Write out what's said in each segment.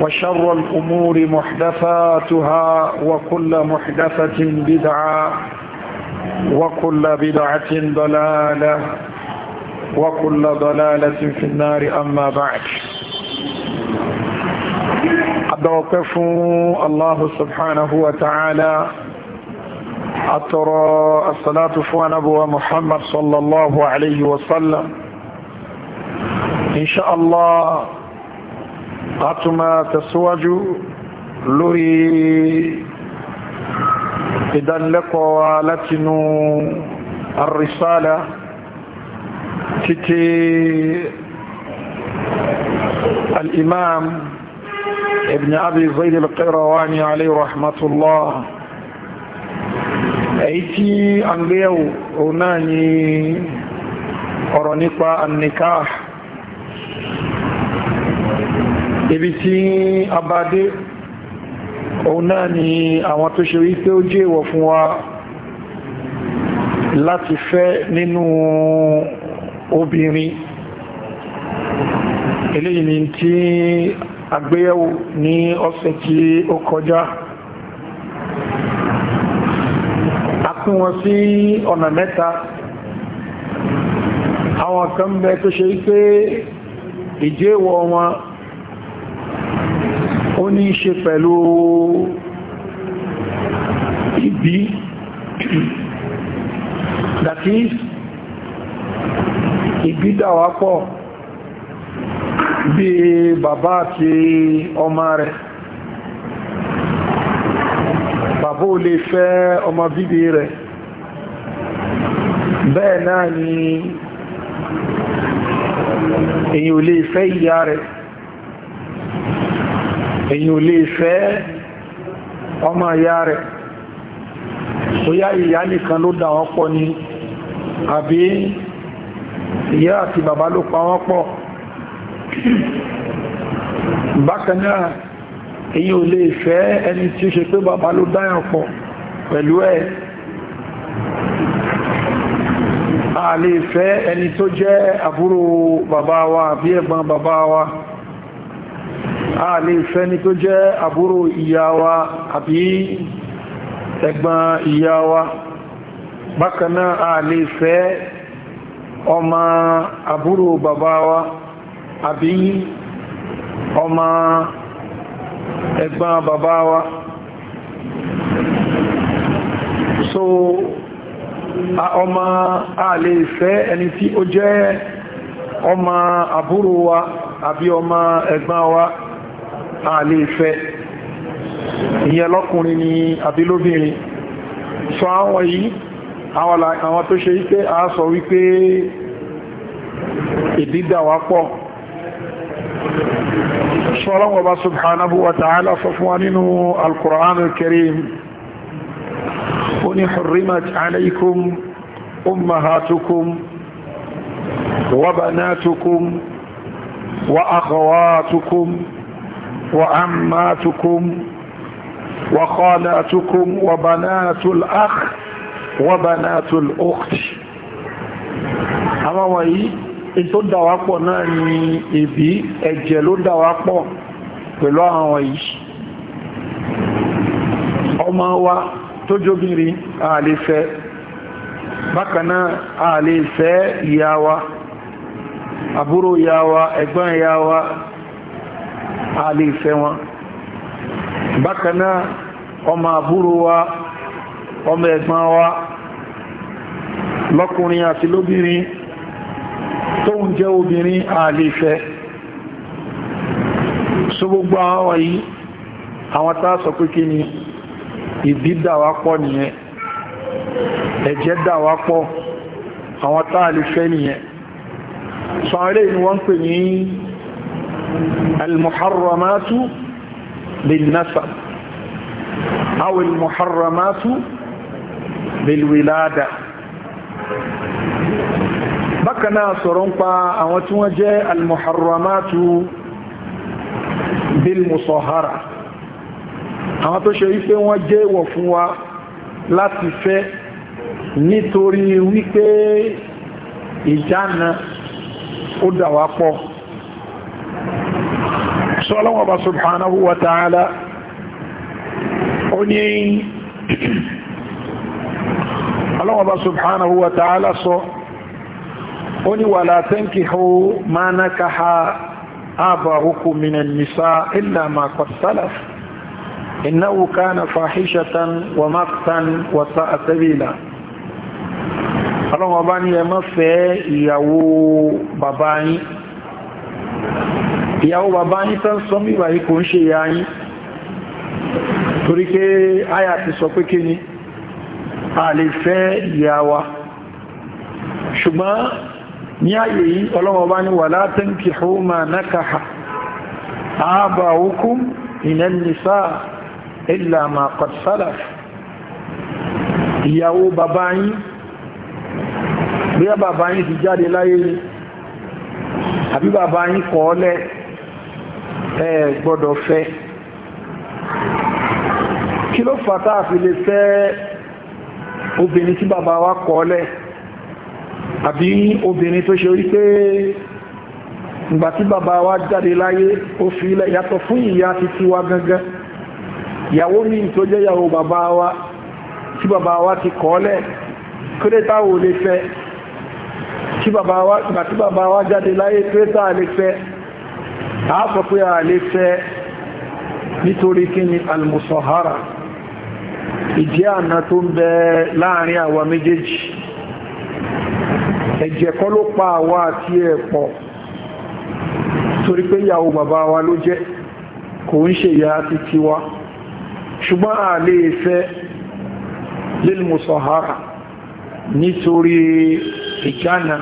وشر الأمور محدثاتها وكل محدثة بدعة وكل بدعة ضلالة وكل ضلالة في النار أما بعد أدوقف الله سبحانه وتعالى أترى الصلاة فوان نبوة محمد صلى الله عليه وسلم إن شاء الله a tún máa tẹ̀síwájú lórí ìdánilẹ́kọ̀ọ́ wa látinú àrísàlá títí al'imam ibn abi zayd al-qirawani alayhi rahmatullah èyí tí a ń gbé yau ọ̀rọ̀ nípa annikah ibi tí abadé òun náà ni àwọn tó ṣe wípé ó jẹ́ ìwọ̀ fún wa láti fẹ́ nínú obìnrin eléyìí ni tí agbéyẹ̀wò ní ọ̀sẹ̀ tí ó kọjá a pín wọn sí ọ̀nà mẹ́ta àwọn kan bẹ tó ṣe wípé ìjẹ́wọ̀ wọn ní í ṣe pẹ̀lú ìbí that is ìbí dàwà pọ̀ bí bàbá àti ọmọ rẹ̀ bàbá ò lè fẹ́ ọmọ bíbí rẹ̀ bẹ́ẹ̀ náà ni èyí ò lè fẹ́ ìyá rẹ̀ èyí ò lè fẹ́ ọmọ ìyá rẹ̀ tó yá ìyá nìkan ló dà wọ́n pọ̀ ni àbí ìyá àti bàbá ló pa wọ́n pọ̀ bákanáà èyí ò lè fẹ́ ẹni tí ó ṣe pé bàbá ló dáyàn pọ̀ pẹ̀lú ẹ̀ a lè fẹ́ ẹni tó jẹ́ àbúrò bàbá wa àbí ẹ̀gbọ́n bàbá wa a lè tó jẹ́ àbúrò ìyá àbí ẹ̀gbọ́n ìyá wa a lè fẹ́ ọmọ àbúrò bàbá wa àbí ọmọ ẹ̀gbọ́n bàbá wa wa a lè fẹ́ ìyẹn lọ́kùnrin ni àbí lóbìnrin sọ àwọn yìí àwọn tó ṣe wípé a sọ wípé ìdídà wá pọ̀ ṣọ́lọ́wọ́ bá subhanahu wa ta'ala sọ fún wa nínú al-Qur'an ó ní hurrimat alaykum ummahatukum wa banatukum wa akhawatukum وعماتكم وخالاتكم وبنات الأخ وبنات الأخت àwọn wọ̀nyí ètò dàwápọ̀ náà ni ẹbí ẹ̀jẹ̀ ló dàwápọ̀ pẹ̀lú àwọn wọ̀nyí ọmọ wa tó jóbìnrin àlefẹ́ bákanáà àlefẹ́ ìyá wa àbúrò ìyá wa ẹ̀gbọ́n ìyá wa a lè fẹ́ wọn bákan ọmọ àbúrò wa ọmọ ẹ̀gbọ́n wa lọ́kùnrin àti lóbìnrin tó ń jẹ́ obìnrin a lè fẹ́ so gbogbo àwọn yìí àwọn tá sọ pé kí ni ìbí dàwà pọ̀ nìyẹn ẹ̀jẹ̀ dàwà pọ̀ àwọn tá lè fẹ́ nìyẹn sọ àwọn eléyìí ni pè ní المحرمات بالنسب أو المحرمات بالولادة bákaná sọ̀rọ̀ ń pa àwọn tí wọ́n jẹ́ almuharramatu bilmusahara àwọn tó ṣe wípé wọ́n jẹ́ ìwọ̀ fún wa láti fẹ́ nítorí wípé ìjánà ó dàwà pọ̀ sọ ọlọ́wọ́ bá subhanahu wa ta'ala ó ní ọlọ́wọ́ bá subhanahu wa ta'ala sọ ó ní wala tankihu ma nakaha abahukum minan nisaa illa ma qad salaf إنه كان فاحشة ومقتا وساء سبيلا ọlọ́run ọba ní ẹ má fẹ́ ìyàwó bàbá ìyàwó bàbá yín tán sọ mí wàyí kò ń ṣe ìyá yín torí pé àyà ti sọ pé kí ni a lè fẹ́ ìyá wa ṣùgbọ́n ní ààyè yìí ọlọ́wọ́ bá ní wala tankihu ma nakaha aba'ukum minan nisaa illa ma qad ìyàwó bàbá yín bí bàbá yín ti jáde láyé àbí bàbá yín kọ́ ẹ gbọ́dọ̀ fẹ́ kí ló fàtà àfi lè fẹ́ obìnrin tí bàbá wa kọ́ọ́lẹ̀ àbí obìnrin tó ṣe wípé ìgbà tí bàbá wa jáde láyé ó fi ilẹ̀ yàtọ̀ fún ìyá títí wa gangan ìyàwó mi tó jẹ́ ìyàwó bàbá wa tí bàbá wa ti kọ́ọ́lẹ̀ kírẹ́tà wò lè fẹ́ tí bàbá wa jáde láyé kírẹ́tà lè fẹ́ a sọ pé a lè fẹ́ nítorí kí ni almusahara ìjẹ́ àna tó ń bẹ láàrin àwa méjèèjì ẹ̀jẹ̀ kọ́ ló pa àwa àti ẹ̀ torí pé ìyàwó bàbá wa ló jẹ́ kò ń ṣe ìyá àti tiwa ṣùgbọ́n a lè fẹ́ lilmusahara nítorí ìjánà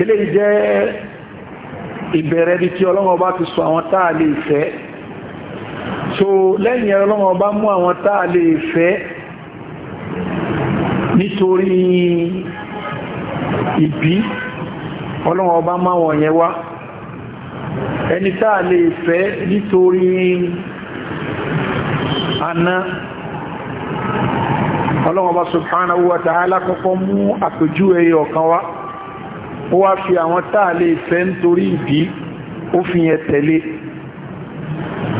eléyìí jẹ́ ìbẹ̀rẹ̀ bí tí ọlọ́wọ́ bá ti sọ àwọn táà lè fẹ́ so lẹ́yìn ẹ̀rọ ọlọ́wọ́ bá mú àwọn táà lè fẹ́ nítorí ìbí ọlọ́wọ́ bá máwọn yẹn wá ẹni táà lè fẹ́ nítorí àná ọlọ́wọ́ bá subhanahu wa ta'ala kọ́kọ́ mú àpèjú ẹyọ kan wá ó wá fi àwọn táà lè fẹ́ nítorí ìdí ó fi yẹn tẹ̀lé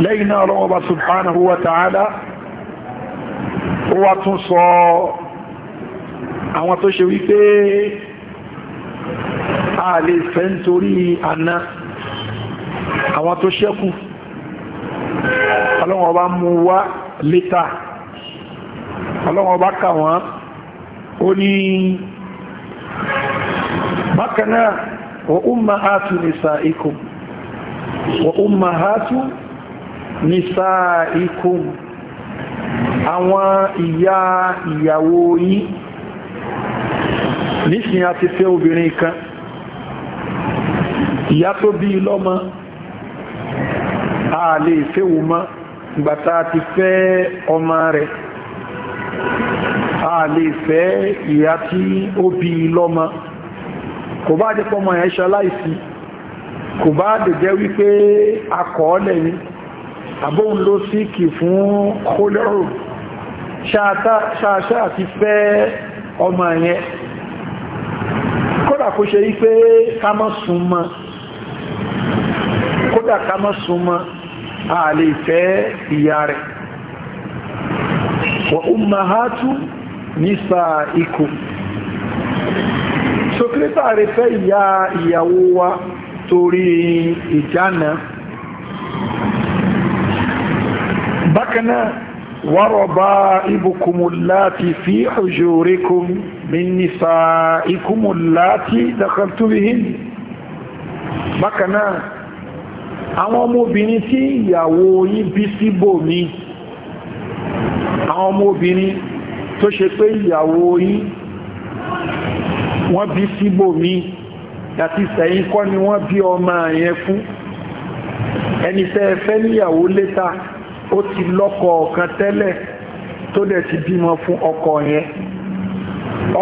lẹ́yìn náà Ọlọ́hun Ọba subhanahu wa ta'ala ó wá tún sọ àwọn tó ṣe wípé a lè fẹ́ nítorí àná àwọn tó ṣẹ́kù Ọlọ́hun Ọba mú wá létà Ọlọ́hun Ọba kà wọ́n ó ní bákan náà wa ummahatu nisaikum wa ummahatu nisaikum àwọn ìyá ìyàwó yìí nísìn a ti fẹ́ obìnrin kan ìyá tó bí lọ́mọ a lè fẹ́wò mọ́ ìgbàta ti fẹ́ ọmọ rẹ̀ a lè fẹ́ ìyá tí ó bí lọ́mọ kò bá jẹ́ pọ́mọ ẹ̀ ṣaláìsí kò bá dẹ̀jẹ́ wípé akọ̀ọ́lẹ̀ ni àbóhun ló sí kì fún kólẹ́rò ṣáṣá àti fẹ́ ọmọ ẹ̀yẹn kódà kó ṣe wípé kámọ́súnmọ́ kódà kámọ́súnmọ́ a lè fẹ́ ìyá rẹ̀ wa ummahatu nisaikum ṣòkítà rẹ̀ fẹ́ ìyá ìyàwó wa torí ìjánà bákanáà wárọ̀bá ibùkùnmùláti fi hujurikum min nisaikumùláti dakhaltubihin bákanáà àwọn ọmọbìnrin tí ìyàwó yí bí síbò mi àwọn ọmọbìnrin tó ṣe pé ìyàwó yí wọ́n bí síbò mi àti sẹ̀yìn kọ́ ni wọ́n bí ọmọ yẹn fún ẹni tẹ́ fẹ́ níyàwó léta ó ti lọ́kọ ọ̀kan tẹ́lẹ̀ tó dẹ̀ ti bímọ fún ọkọ yẹn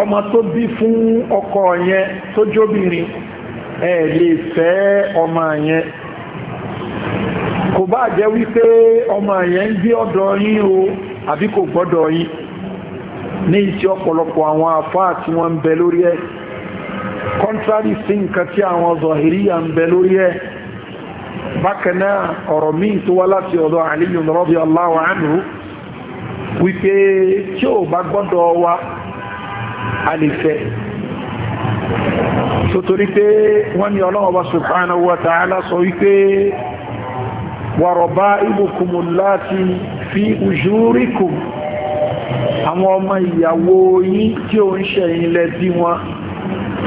ọmọ tó bí fún ọkọ yẹn tó jóbìnrin ẹ lè fẹ́ ọmọ yẹn kò bá jẹ́ wípé ọmọ yẹn ń gbé ọ̀dọ̀ yín o àbí kò gbọ́dọ̀ yín ní ìtí ọ̀pọ̀lọpọ̀ àwọn àfáà tí wọ́n ń bẹ lórí ẹ̀ contrary sí nǹkan tí àwọn zọ̀hìríyà ń bẹ lórí ẹ̀ bákanáà ọ̀rọ̀ míì tó wá láti ọ̀dọ̀ Aliyu radiyallahu anhu wípé tí ò bá gbọ́dọ̀ wa a lè fẹ́ pé wọ́n ní Ọlọ́hun wa subhanahu sọ wípé wa raba'ibukum allati fi ujurikum àwọn ọmọ ìyàwó yín tí ó ń ṣẹ̀yìn lẹ́bí wọn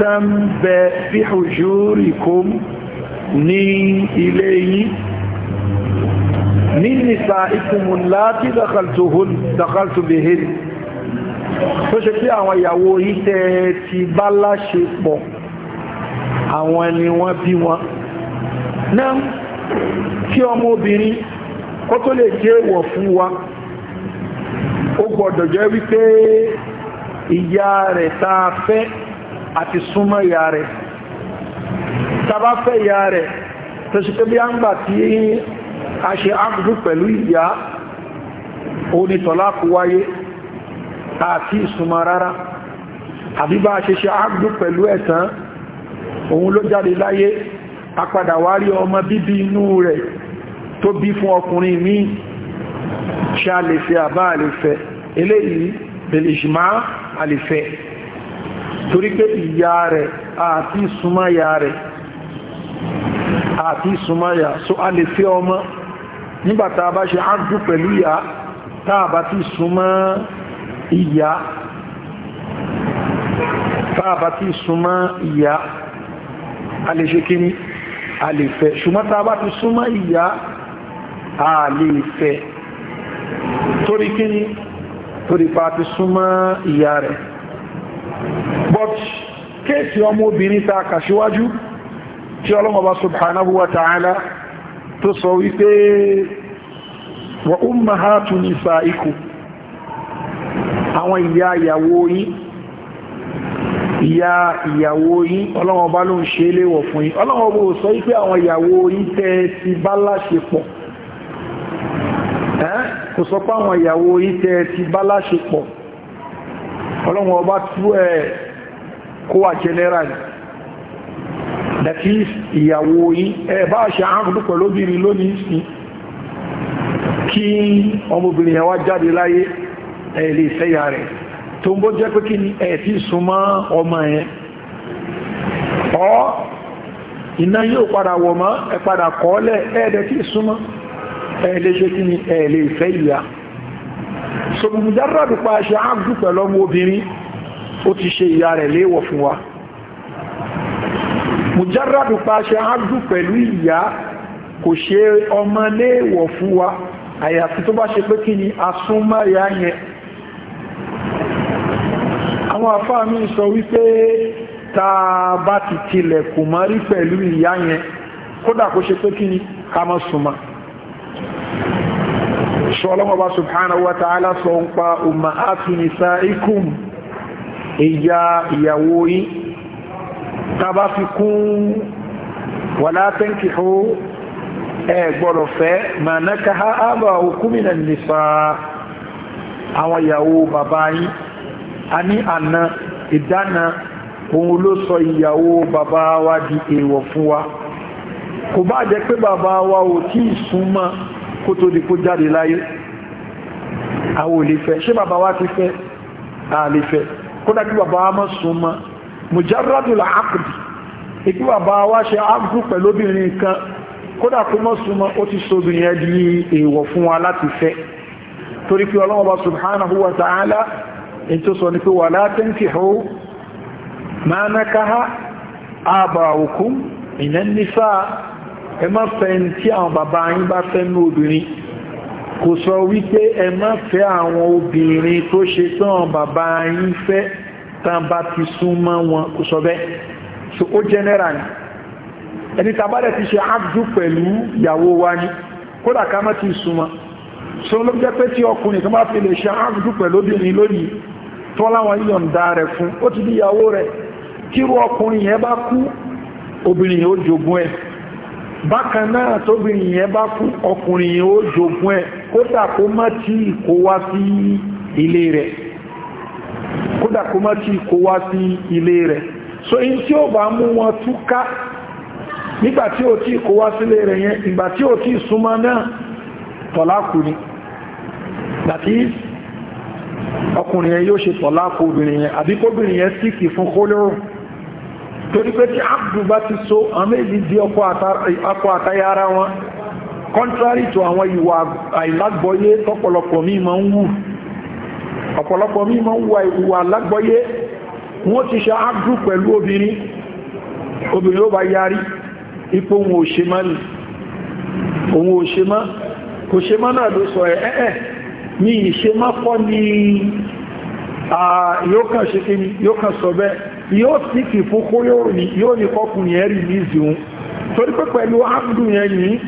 tán bẹ fi hujurikum ní ilé yín ní nìta ìkùnmùnlá tí dàkàltù bihin tó ṣe pé àwọn ìyàwó yín tẹ́ ti bá láṣepọ̀ àwọn ẹni wọ́n bí wọn náà kí ọmọ obìnrin kó tó lè jẹ́ wọ̀ fún wa ó gbọ́dọ̀ jẹ́ wípé ìyá rẹ̀ tá a fẹ́ àti súnmọ́ ìyá rẹ̀ tá a bá fẹ́ ìyá rẹ̀ tó ṣe pé bí a ń gbà tí a ṣe ápùdù pẹ̀lú ìyá onítọ̀lá kú wáyé àti ìsúnmọ́ rárá àbí bá a ṣe ṣe ápùdù pẹ̀lú ẹ̀tàn òun ló jáde láyé apadà ọmọ bíbí inú rẹ̀ tó bí fún ọkùnrin míì ṣe a lè fẹ́ àbá a lè fẹ́ eléyìí bẹ̀lẹ̀ ìṣìmá a lè fẹ́ torí pé ìyá rẹ̀ àti súnmáyà rẹ̀ àti súnmáyà so a lè fẹ́ ọmọ nígbàtà bá ṣe ágbú pẹ̀lú ìyá tàbá ti súnmọ́ ìyá tàbá ti súnmọ́ ìyá a lè ṣe kíní a lè fẹ́ ṣùgbọ́n tàbá ti súnmọ́ ìyá a lè fẹ́ torí kí ni torí pa ti súnmọ́ ìyá rẹ̀ but kéèsì ọmọ obìnrin ta kàṣíwájú tí ọlọ́mọba subhanahu wa ta'ala tó sọ wípé wa ummahatu nisaikum àwọn ìyá ìyàwó yín ìyá ìyàwó yín ọlọ́mọba ló ń ṣe léwọ̀ fún yín ọlọ́mọba ò sọ wípé àwọn ìyàwó yín tẹ́ ti bá láṣepọ̀ kò sọ pé àwọn ìyàwó ìtẹ́ ti bá láṣepọ̀ ọlọ́run ọba tú ẹ̀ kó wà general that is ìyàwó yìí ẹ̀ bá ṣe àánkùdù pẹ̀lú obìnrin lónìí sí kí ọmọbìnrin yẹn wá jáde láyé ẹ̀ lè fẹ́yà rẹ̀ tó ń bó jẹ́ pé kí ni ẹ̀ tí súnmọ́ ọmọ yẹn ọ́ iná yóò padà wọ̀ ẹ̀ padà kọ́ọ́lẹ̀ ẹ̀ẹ́dẹ̀ tí súnmọ́ ẹ̀ẹ́lẹ́ṣẹ́ kí ni ẹ̀ẹ́lẹ́ ìfẹ́ ìyá sọmọmùdárádù pa ṣe ágbù pẹ̀lú ọmọ obìnrin ó ti ṣe ìyá rẹ̀ léèwọ̀ fún wa mùjárádù pa ṣe ágbù pẹ̀lú ìyá kò ṣe ọmọ léèwọ̀ fún wa àyàfi tó bá ṣe pé kí ni yẹn àwọn ṣọ́lọ́mọba subhanahu wa ta'ala sọ ń pa ummahatu nisaikum ìyá ìyàwó yìí tàbá fi kún wala tankihu ẹ gbọ́dọ̀ fẹ́ ma nakaha aba'ukum minan nisa àwọn ìyàwó bàbá yìí a ní àna ìdána òun ló sọ ìyàwó bàbá wa di èèwọ̀ fún wa kò bá jẹ́ pé bàbá wa ò tí ì súnmọ́ kó tó di kó jáde láyé àwọn ò lè fẹ́ ṣé bàbá wa ti fẹ́ a lè fẹ́ kódà kí bàbá wa mọ́ sún mọ́ mujarradul aqd ìkí bàbá wa ṣe áàbù pẹ̀lú obìnrin kan kódà kó mọ́ sún mọ́ ó ti sóbìnrin ẹ èèwọ̀ fún wa láti fẹ́ torí pé ọlọ́wọ́ bá ẹ má fẹ́ ẹni tí àwọn bàbá yín bá fẹ́ ní obìnrin kò sọ wípé ẹ má fẹ́ àwọn obìnrin tó ṣe tán bàbá yín fẹ́ tán bá ti sún mọ́ wọn kò sọ bẹ́ẹ̀ so ó general ni ẹni tàbádẹ̀ ti ṣe ábdú pẹ̀lú ìyàwó wa ní kódà ká má ti súnmọ́ so ló jẹ́ pé tí ọkùnrin tó bá fi lè ṣe ábdú pẹ̀lú obìnrin lónìí tó láwọn yíyọ̀ǹda rẹ̀ fún ó ti di ìyàwó rẹ̀ kírú ọkùnrin yẹn bá kú obìnrin yóò jogún ẹ̀ bákan náà tóbìnrin yẹn bá fún ọkùnrin yẹn ó jogún ẹ̀ kódà kó má tí kó wá sí ilé rẹ̀ kódà kó má tí kó wá sí ilé rẹ̀ so in tí ó bá mú wọn túká nígbà tí ó tí kó wá sílé rẹ̀ yẹn ìgbà tí ó tí súnmọ́ náà tọ̀lákù ni that is ọkùnrin yẹn yóò ṣe tọ̀lákù obìnrin yẹn àbí kóbìnrin yẹn síkì fún kólórùn torí pé ti so àwọn èyí di ọkọ àtayà wọn contrary to àwọn ìwà àìlágbọ́yé tọ́pọ̀lọpọ̀ míì máa ń wù ọ̀pọ̀lọpọ̀ máa ń wù ìwà ti ṣe abdu pẹ̀lú obìnrin obìnrin ó bá yarí ipò òun ò ṣe mọ́ ni òun ò ṣe mọ́ kò ṣe náà ló sọ mi ni yóò kàn ṣe sọ bẹ́ẹ̀ yóò sì kì fún kó yóò ní kọkùnrin ẹ̀ rí ní ìzìun torí pé pẹ̀lú ábùdù yẹn ní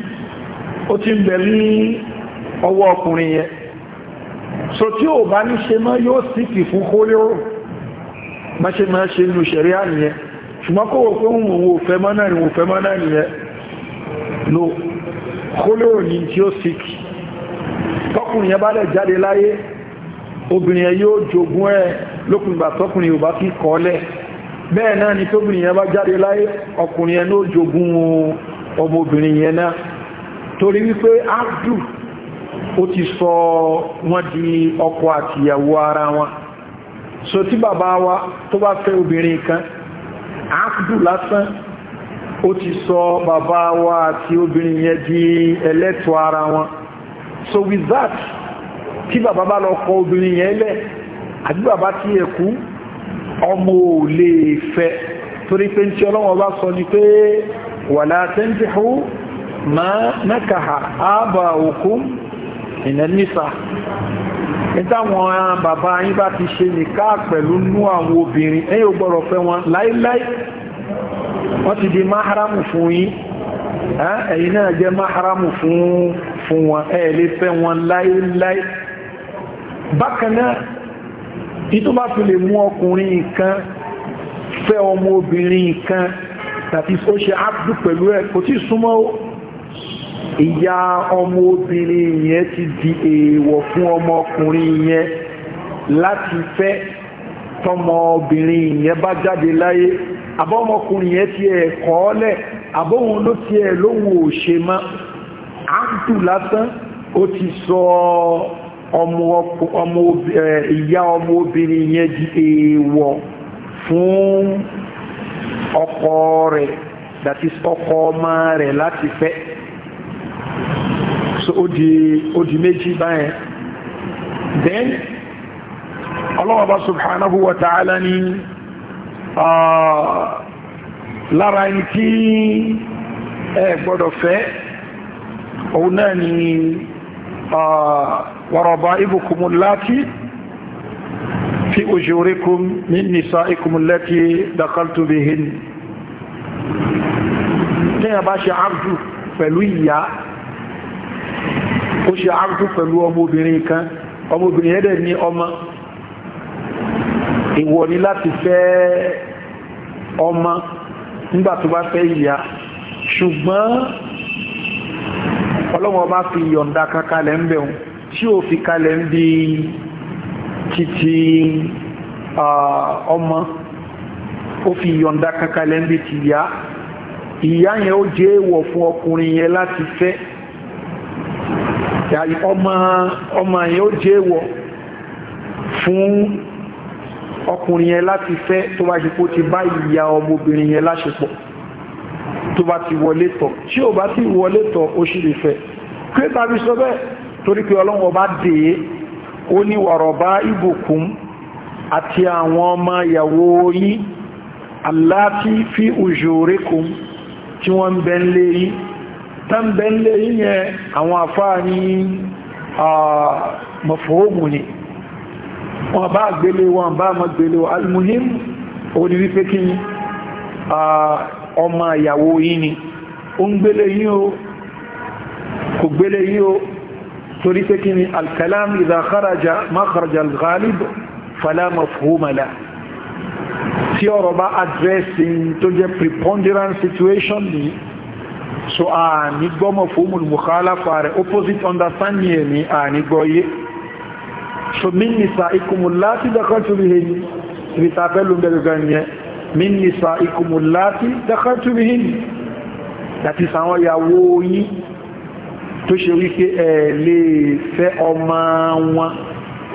ó ti ń bẹ̀ ní ọwọ́ ọkùnrin yẹn so tí ò bá ní ṣe mọ́ yóò sì kì fún kó yóò máṣe máa ṣe nù ṣẹ̀rí àníyẹn ṣùgbọ́n kó wọ́n pé òun ò fẹ́ mọ́ náà ni òun fẹ́ mọ́ náà nìyẹn no kó ní tí ó sì kì tọkùnrin yẹn bá lẹ̀ jáde láyé obìnrin yẹn yóò jogún ẹ̀ lókùnrin bá tọkùnrin yóò bá fi kọ́ lẹ̀ bẹ́ẹ̀ náà ni tóbìnrin yẹn bá jáde láyé ọkùnrin yẹn náà jogún ọmọbìnrin yẹn náà torí wípé áàdù ó ti sọ wọ́n di ọkọ àti ìyàwó ara wọn so tí bàbá wa tó bá fẹ́ obìnrin kan áàdù lásán ó ti sọ bàbá wa àti obìnrin yẹn di ẹlẹ́tọ̀ ara wọn so with that tí bàbá bá lọ kọ obìnrin yẹn lẹ̀ àbí bàbá tí ẹ̀kú ọmọ ò lè fẹ́ torí pé tí ọlọ́wọ́ bá sọ ní pé wala tankihu ma nakaha aba'ukum minan nisa nítàwọn bàbá yín bá ti ṣe nìká pẹ̀lú nú àwọn obìnrin ẹ̀yin ò gbọ́dọ̀ fẹ́ wọn láíláí wọ́n ti di máhàrámù fún yín ẹ̀yin náà jẹ́ máhàrámù fún wọn ẹ lè fẹ́ wọn láíláí bákan ìtò bá fi lè mú ọkùnrin kan fẹ́ ọmọ obìnrin kan tàbí ó ṣe ápùdù pẹ̀lú ẹ̀ kò tí súnmọ́ ìyá ọmọ obìnrin yẹn ti di èèwọ̀ fún ọmọ ọkùnrin yẹn láti fẹ́ tọmọ obìnrin yẹn bá jáde láyé àbọ́ ọmọkùnrin yẹn ti ẹ̀ kọ́ọ́lẹ̀ àbọ́ òun ló ti ẹ̀ lóhun ò ṣe mọ́ ápùdù lásán ó ti sọ ọ́ ìyá ọmọ obìnrin yẹn di èèwọ̀ fún ọkọ rẹ̀ that is ọkọ ọmọ rẹ̀ láti fẹ́ so ó di ó di méjì báyẹn then Allah subhanahu wa ta'ala ni lára ẹni tí ẹ gbọ́dọ̀ fẹ́ òun náà ni وربائبكم اللاتي في أجوركم من نسائكم التي دخلت بهن تيا باشا عبد فلويا ó ṣe àrùkù pẹ̀lú ọmọbìnrin kan ọmọbìnrin ẹ̀dẹ̀ ní ọmọ ìwọ ni láti fẹ́ ọmọ nígbà tó bá fẹ́ ìyá ṣùgbọ́n ọlọ́wọ́ bá fi yọ̀ǹda kankalẹ̀ ń tí ó fi kalẹ̀ ń bí títí ọmọ ó fi yọ̀ǹda kankalẹ̀ ń bí ti yá ìyá yẹn ó jẹ́ èèwọ̀ fún ọkùnrin yẹn láti fẹ́ ọmọ yẹn ó jẹ́ èèwọ̀ fún ọkùnrin yẹn láti fẹ́ tó bá ṣe kó ti bá ìyá ọmọbìnrin yẹn láṣepọ̀ tó bá ti wọlé tọ̀ tí ò bá ti wọlé tọ̀ ó ṣì lè fẹ́ kí tàbí sọ bẹ́ẹ̀ torí pé ọlọ́run ọba dè é ó ní wàrọ̀bá ìbùkún àti àwọn ọmọ ìyàwó yín aláti fi ujurikum tí wọ́n ń bẹ ń lé yín tán bẹ ń lé yín yẹn àwọn àfáà ní ni wọ́n bá gbélé wọn bá mọ́ gbélé almuhim ó ní wípé kí ọmọ ìyàwó yín ni ó ń gbélé yín o kò gbélé yín o torí pé kí ni alkalam idha kharaja makharaja alghalib fala mafhuma la tí ọ̀rọ̀ bá addressing tó jẹ́ preponderant situation ni so a ní gbọ́mọ̀ fóòmùl mukhalafa rẹ̀ opposite understanding ẹ̀ ní a ní gbọ́yé so min nisa ikumu láti dakhaltu bihinna ibi ta fẹ́ lóun bẹ̀rẹ̀ gan yẹn min nisa ikumu láti dakhaltu tó ṣe wípé ẹ lè fẹ́ ọmọ wọn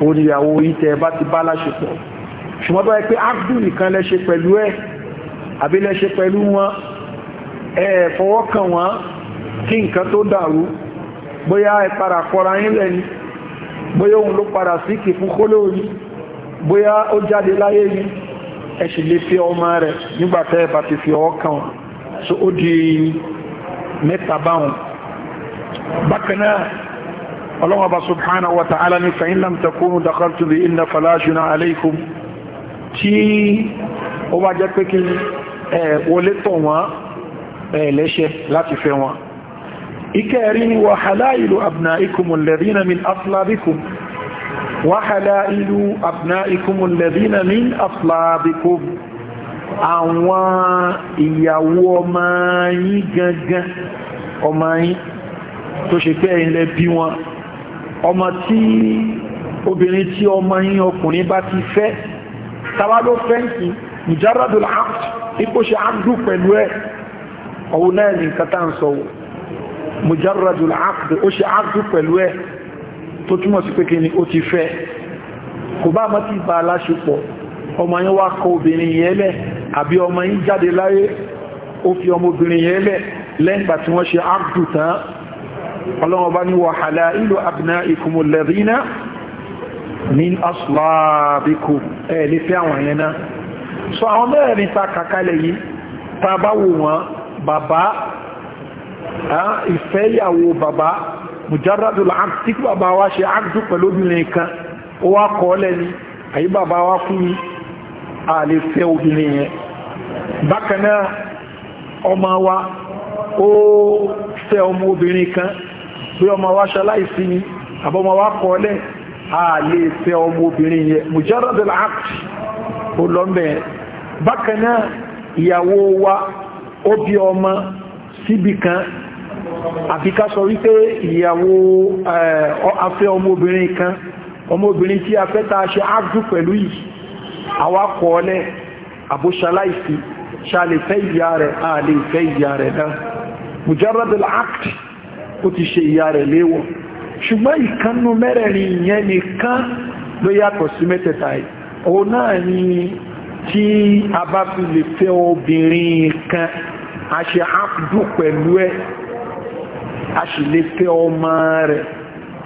oníyàwó ìtẹ́ bá ti bá láṣepọ̀ ṣùgbọ́n bá yẹ pé abdul nìkan lẹ́ṣe pẹ̀lú ẹ̀ àbí lẹ́ṣe pẹ̀lú wọn ẹ fọwọ́ kàn wọ́n kí nǹkan tó dàrú bóyá ẹ padà kọra yín lẹ́ni bóyá òun ló padà síkì fún kólóòrí bóyá ó jáde láyé ni ẹ sì lè fi ọmọ rẹ̀ nígbàtẹ́ ẹ bá ti fi ọwọ́ kàn wọ́n so ó di mẹ́ta báwọn bákanáà ọlọ́wọ́ bá subhanahu wa ta'ala ní fa'in lam takunu dakhaltum bi inna fala juna alaykum tí ó bá jẹ́ pé kí wọlé tọ̀ wọ́n lẹ́ṣẹ́ láti fẹ́ wọn ìkẹrin wa halailu abna'ikum alladhina min aslabikum wa halailu min aslabikum tó ṣe pé ẹ̀yin lẹ bí wọn ọmọ tí obìnrin tí ọmọ yín ọkùnrin bá ti fẹ́ tàbá ló fẹ́ǹkì mujarradul abd ipò ṣe abdù pẹ̀lú ẹ̀ ọ̀hún náà ní nǹkan ń sọ wò mujarradul abd pẹ̀lú ẹ̀ tó túmọ̀ sí pé ni ó ti fẹ́ kò bá mọ́ ti bá a láṣepọ̀ ọmọ yín wá kọ obìnrin yẹn lẹ̀ àbí ọmọ yín jáde láyé ó fi ọmọbìnrin yẹn lẹ̀ lẹ́yìn ìgbà tí wọ́n ṣe abdù tán ọlọ́wọ́ bá ní wa halailu abnaikumul ladhina min aslabikum ẹ̀ lè fẹ́ àwọn yẹn náà so àwọn mẹ́rin ta kàkálẹ̀ yìí ta bá wò wọn bàbá ìfẹ́yàwó bàbá mujarradul abd ọmọ wa ó fẹ́ ọmọ obìnrin kan pé ọmọ wa ṣaláìsí ni àbọ́mọ wa kọ́lẹ̀ a lè fẹ́ ọmọ obìnrin yẹn mujarrad al-aqd ó lọ mẹ́ bákan náà ìyàwó wa ó bí ọmọ síbi kan àfi ká sọ wípé ìyàwó afẹ́ ọmọbìnrin kan ọmọbìnrin tí a fẹ́ ta ṣe ágdù pẹ̀lú yìí àwa kọ́ọ̀lẹ̀ àbóṣaláìsí ṣàlẹ̀fẹ́ ìyá rẹ̀ àlè ìfẹ́ ìyá rẹ̀ náà mujarrad al ó ti ṣe ìyá rẹ̀ léwọ̀ ṣùgbọ́n ìkannú mẹ́rẹ̀rin ìyẹn nìkan ló yàtọ̀ sí mẹ́tẹ̀ẹ̀ta yìí òun náà ni tí a bá fi lè fẹ́ obìnrin kan a ṣe ápùdù pẹ̀lú ẹ̀ a sì lè fẹ́ ọmọ rẹ̀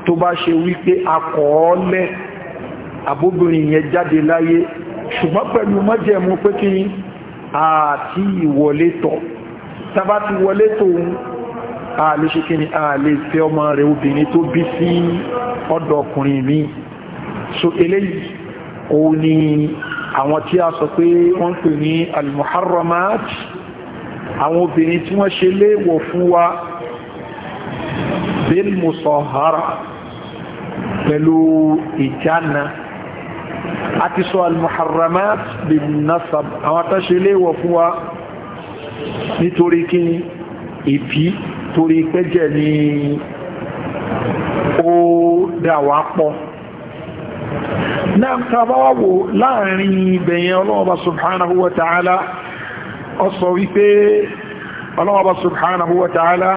tó bá ṣe wípé akọ̀ọ́lẹ̀ àbóbìnrin yẹn jáde láyé ṣùgbọ́n pẹ̀lú mọ́jẹ̀mú pé kí àti ìwọlé tọ̀ tá bá ti a lè ṣe kí ni a lè fẹ́ ọmọ rẹ̀ obìnrin tó bí sí ọ̀dọ̀ ọkùnrin mi so eléyìí òun ni àwọn tí a sọ pé wọ́n pè ní al-muharramat àwọn obìnrin tí wọ́n ṣe léèwọ̀ fún wa bil musahara pẹ̀lú ìjánà àti sọ al-muharramat bin nasab àwọn tó ṣe léèwọ̀ fún wa nítorí kí ìbí torí pẹ́jẹ̀ ni ó dà wá pọ̀ náà tàbáwò láàrin ibẹ̀yẹn ọlọ́ọ̀bá subhanahu wa ta'ala ó sọ wípé ọlọ́ọ̀bá subhanahu wa ta'ala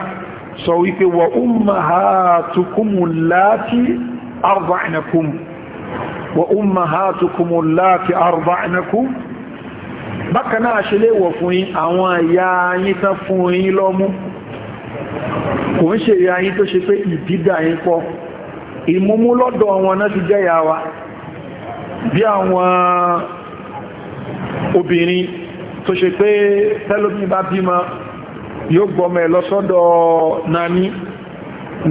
sọ wípé wa ummahatukumu láti arba'nakum wa ummahatukumu láti arba'nakum bákanáà ṣe léwọ̀ fún yín àwọn ìyá yín tán fún yín lọ́mú kò ń ṣe ìyá yín tó ṣe pé ìdídà yín pọ̀ ìmúmú lọ́dọ̀ wọn náà ti jẹ́yà wa bí àwọn obìnrin tó ṣe pé tẹ́lómi bá bímọ yóò gbọmọ ẹ̀ lọ́sọ́dọ̀ nani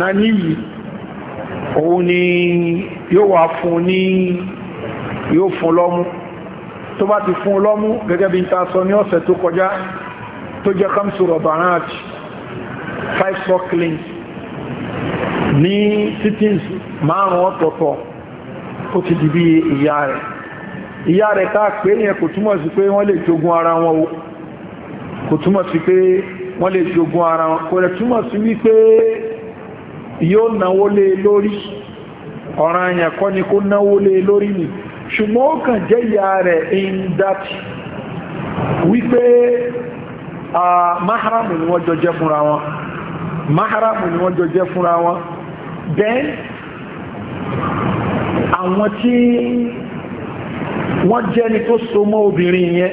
nani yìí òun ni yóò wà fún ní yóò fún lọ́mú tó bá ti fún lọ́mú gẹ́gẹ́ bí ta sọ ní ọ̀sẹ̀ tó kọjá tó jẹ́ kamsu five circlings ní sittings márùn-ún ọ̀tọ̀ọ̀tọ̀ ó ti di bí ìyá rẹ̀ ìyá rẹ̀ tá pé yẹn kò ara wọn o kò túmọ̀ sí pé wọ́n lè jogun ara wọn kò rẹ̀ sí wípé yóò náwó lé e lórí ọ̀ràn àyàn kọ́ ni kó náwó lé e lórí ni ṣùgbọ́n ó kàn jẹ́ ìyá rẹ̀ in that wípé ah, mahram ni wọ́n jọ jẹ́ fúnra wọn maharamu ni wọ́n jọ jẹ́ fúnra wọn then àwọn tí wọ́n jẹ́ ni tó so mọ́ obìnrin yẹn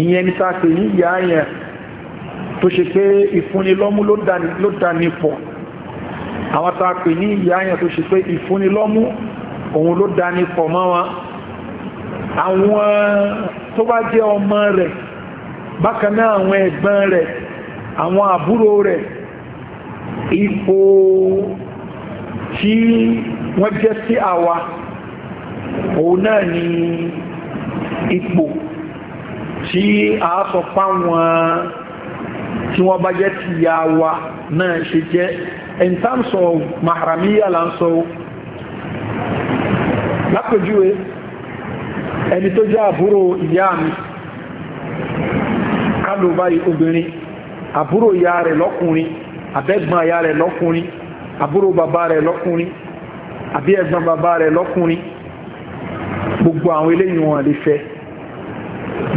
ìyẹn ni tàbí ní ìyá yẹn tó ṣe pé ìfúnnilọ́mú ló dání pọ̀ àwọn tàbí ní ìyá yẹn tó ṣe pé ìfúnnilọ́mú òun ló dání pọ̀ mọ́ wọn àwọn tó bá jẹ́ ọmọ rẹ̀ bákan náà àwọn ẹ̀gbọ́n rẹ̀ àwọn àbúrò rẹ̀ ipò tí wọ́n jẹ́ sí àwa òun náà ni ipò tí a sọ fáwọn tí wọ́n bá jẹ́ ti ya wa náà ṣe jẹ́ in terms of mahramiya la ń ẹni tó jẹ́ àbúrò ìyá mi kálù báyìí obìnrin àbúrò ìyá rẹ̀ lọ́kùnrin àbẹ́gbọ́n ìyá rẹ̀ lọ́kùnrin àbúrò bàbá rẹ̀ lọ́kùnrin àbí ẹ̀gbọ́n bàbá rẹ̀ lọ́kùnrin gbogbo àwọn eléyìí wọn lè fẹ́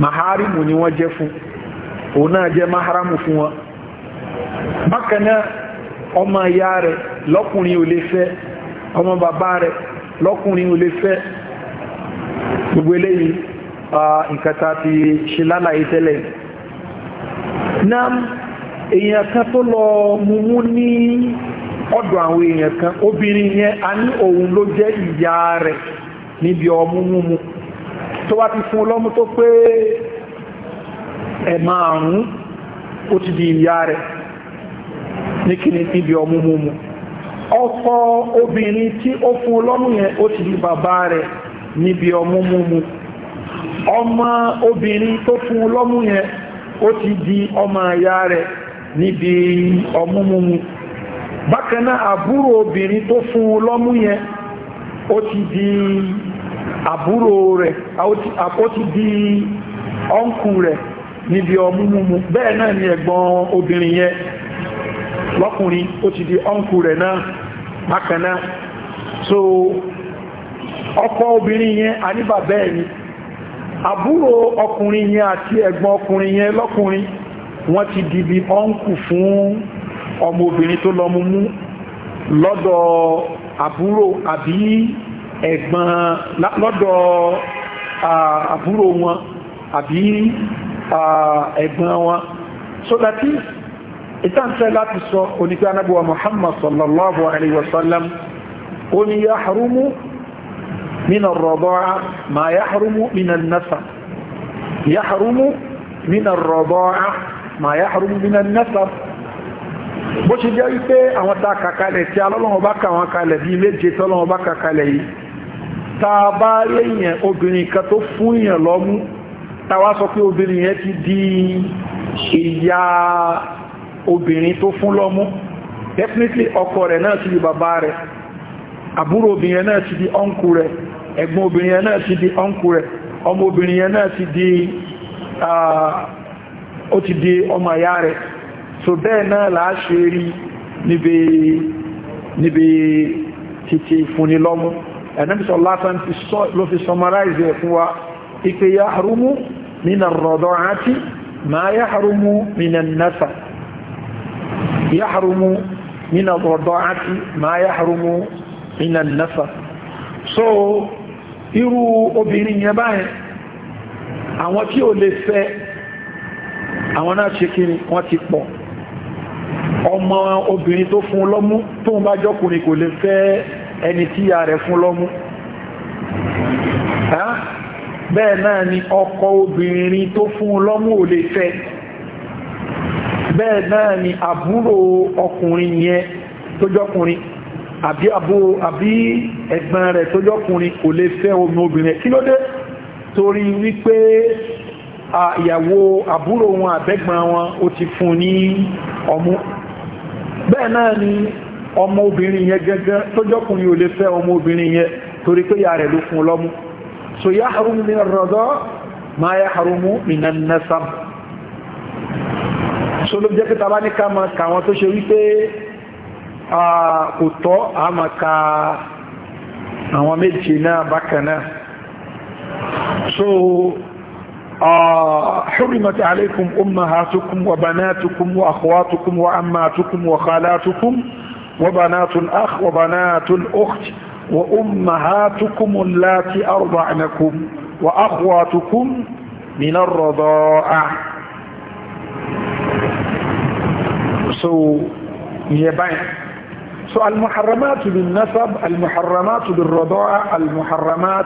maharimu ni wọ́n maharamu fún wọn bákan náà ọmọ ìyá rẹ̀ lọ́kùnrin ò lè fẹ́ ọmọ bàbá rẹ̀ lọ́kùnrin ò lè fẹ́ gbogbo eléyìí ti ṣe lálàyé tẹ́lẹ̀ náà èèyàn kan tó lọ mumú ní ọ̀dọ̀ àwọn èèyàn kan obìnrin yẹn a ní òun ló jẹ́ ìyá rẹ̀ níbi ọmú tó wá ti fún ọlọ́mú tó pé ẹ̀ ó ti di ìyá rẹ̀ ní níbi ọmú ọkọ obìnrin ti di bàbá rẹ̀ níbi ọmú ti di ọmọ ìyá rẹ̀ níbi ọmụmụmụ múmu bákan àbúrò obìnrin tó fún un yẹn ó ti di àbúrò rẹ̀ ó ti di ọ́nkù rẹ̀ níbi ọmụmụmụ bẹ́ẹ̀ náà ni ẹ̀gbọ́n obìnrin yẹn lọ́kùnrin ó ti di ọ́nkù rẹ̀ náà bákanáà. so ọkọ obìnrin yẹn àníbà bẹ́ẹ̀ ni àbúrò ọkùnrin yẹn àti ẹ̀gbọ́n ọkùnrin yẹn wọ́n ti di bí ọ́nkù fún ọmọbìnrin tó lọ mú lọ́dọ̀ àbúrò àbí ẹ̀gbọ́n lọ́dọ̀ àbúrò wọn àbí ẹ̀gbọ́n wọn so that is ìtànṣẹ́ láti sọ oníkẹ́ anábíwa Muhammad sallallahu alaihi wasallam ó ní yá harumu من الرضاعة ما يحرم من النسب يحرم من الرضاعة ma yahrum minan nasab bó ṣe jẹ́ wípé àwọn tá a kà kalẹ̀ tí Ọlọ́run bá kà wọ́n kalẹ̀ bíi méje tí Ọlọ́run bá kà kalẹ̀ yìí tá a bá léyìn obìnrin kan tó fún yàn lọ́mú tá wá sọ pé obìnrin yẹn ti di ìyá obìnrin tó fún lọ́mú definitely ọkọ rẹ̀ náà ti di bàbá rẹ̀ àbúrò obìnrin yẹn náà ti di ọ́nkù rẹ̀ ẹ̀gbọ́n obìnrin yẹn náà ti di ọ́nkù rẹ̀ ọmọ obìnrin yẹn náà ti di ah, ó ti di ọmọ àyá rẹ̀ so bẹ́ẹ̀ náà láṣe rí níbi níbi títí fúnni lọ́mú ẹ̀nẹ́bìsọ̀ látàn ló fi summarize ẹ̀ fún wa ike ya harumu nínà rọ̀dọ̀ àti ma ya harumu nínà nasa ya harumu nínà rọ̀dọ̀ àti ma ya harumu nínà nasa so irú obìnrin yẹn báyìí àwọn tí ó lè fẹ́ àwọn náà ṣe kiri wọ́n ti pọ̀ ọmọ obìnrin tó fún lọ́mú tó ń bá jọ́kùnrin kò lè fẹ́ ẹni tí ya rẹ̀ fún lọ́mú bẹ́ẹ̀ náà ni ọkọ obìnrin tó fún lọ́mú ò lè fẹ́ bẹ́ẹ̀ náà ni àbúrò ọkùnrin yẹn tó jọ́kùnrin àbí àbú àbí ẹ̀gbọ́n rẹ̀ tó jọ́kùnrin kò lè fẹ́ omi obìnrin kí ló dé torí wípé ìyàwó àbúrò wọn àbẹ́gbọ́n wọn ó ti fún ní ọmú bẹ́ẹ̀ náà ni ọmọ obìnrin yẹn gẹ́gẹ́ tó jọ́kùnrin ò lè fẹ́ ọmọ obìnrin yẹn torí pé ya rẹ̀ ló fún lọ́mú so yá harumu min rọ̀dọ́ ma yá harumu min nasab so ló jẹ́ pẹ́ta bá ní ká máa kà wọn tó ṣe wípé kò tọ́ a máa ka àwọn méjì náà bákan náà so آه، حرمت عليكم أمهاتكم وبناتكم وأخواتكم وعماتكم وخالاتكم وبنات الأخ وبنات الأخت وأمهاتكم اللاتي أرضعنكم وأخواتكم من الرضاعة so nearby so المحرمات بالنسب المحرمات بالرضاعة المحرمات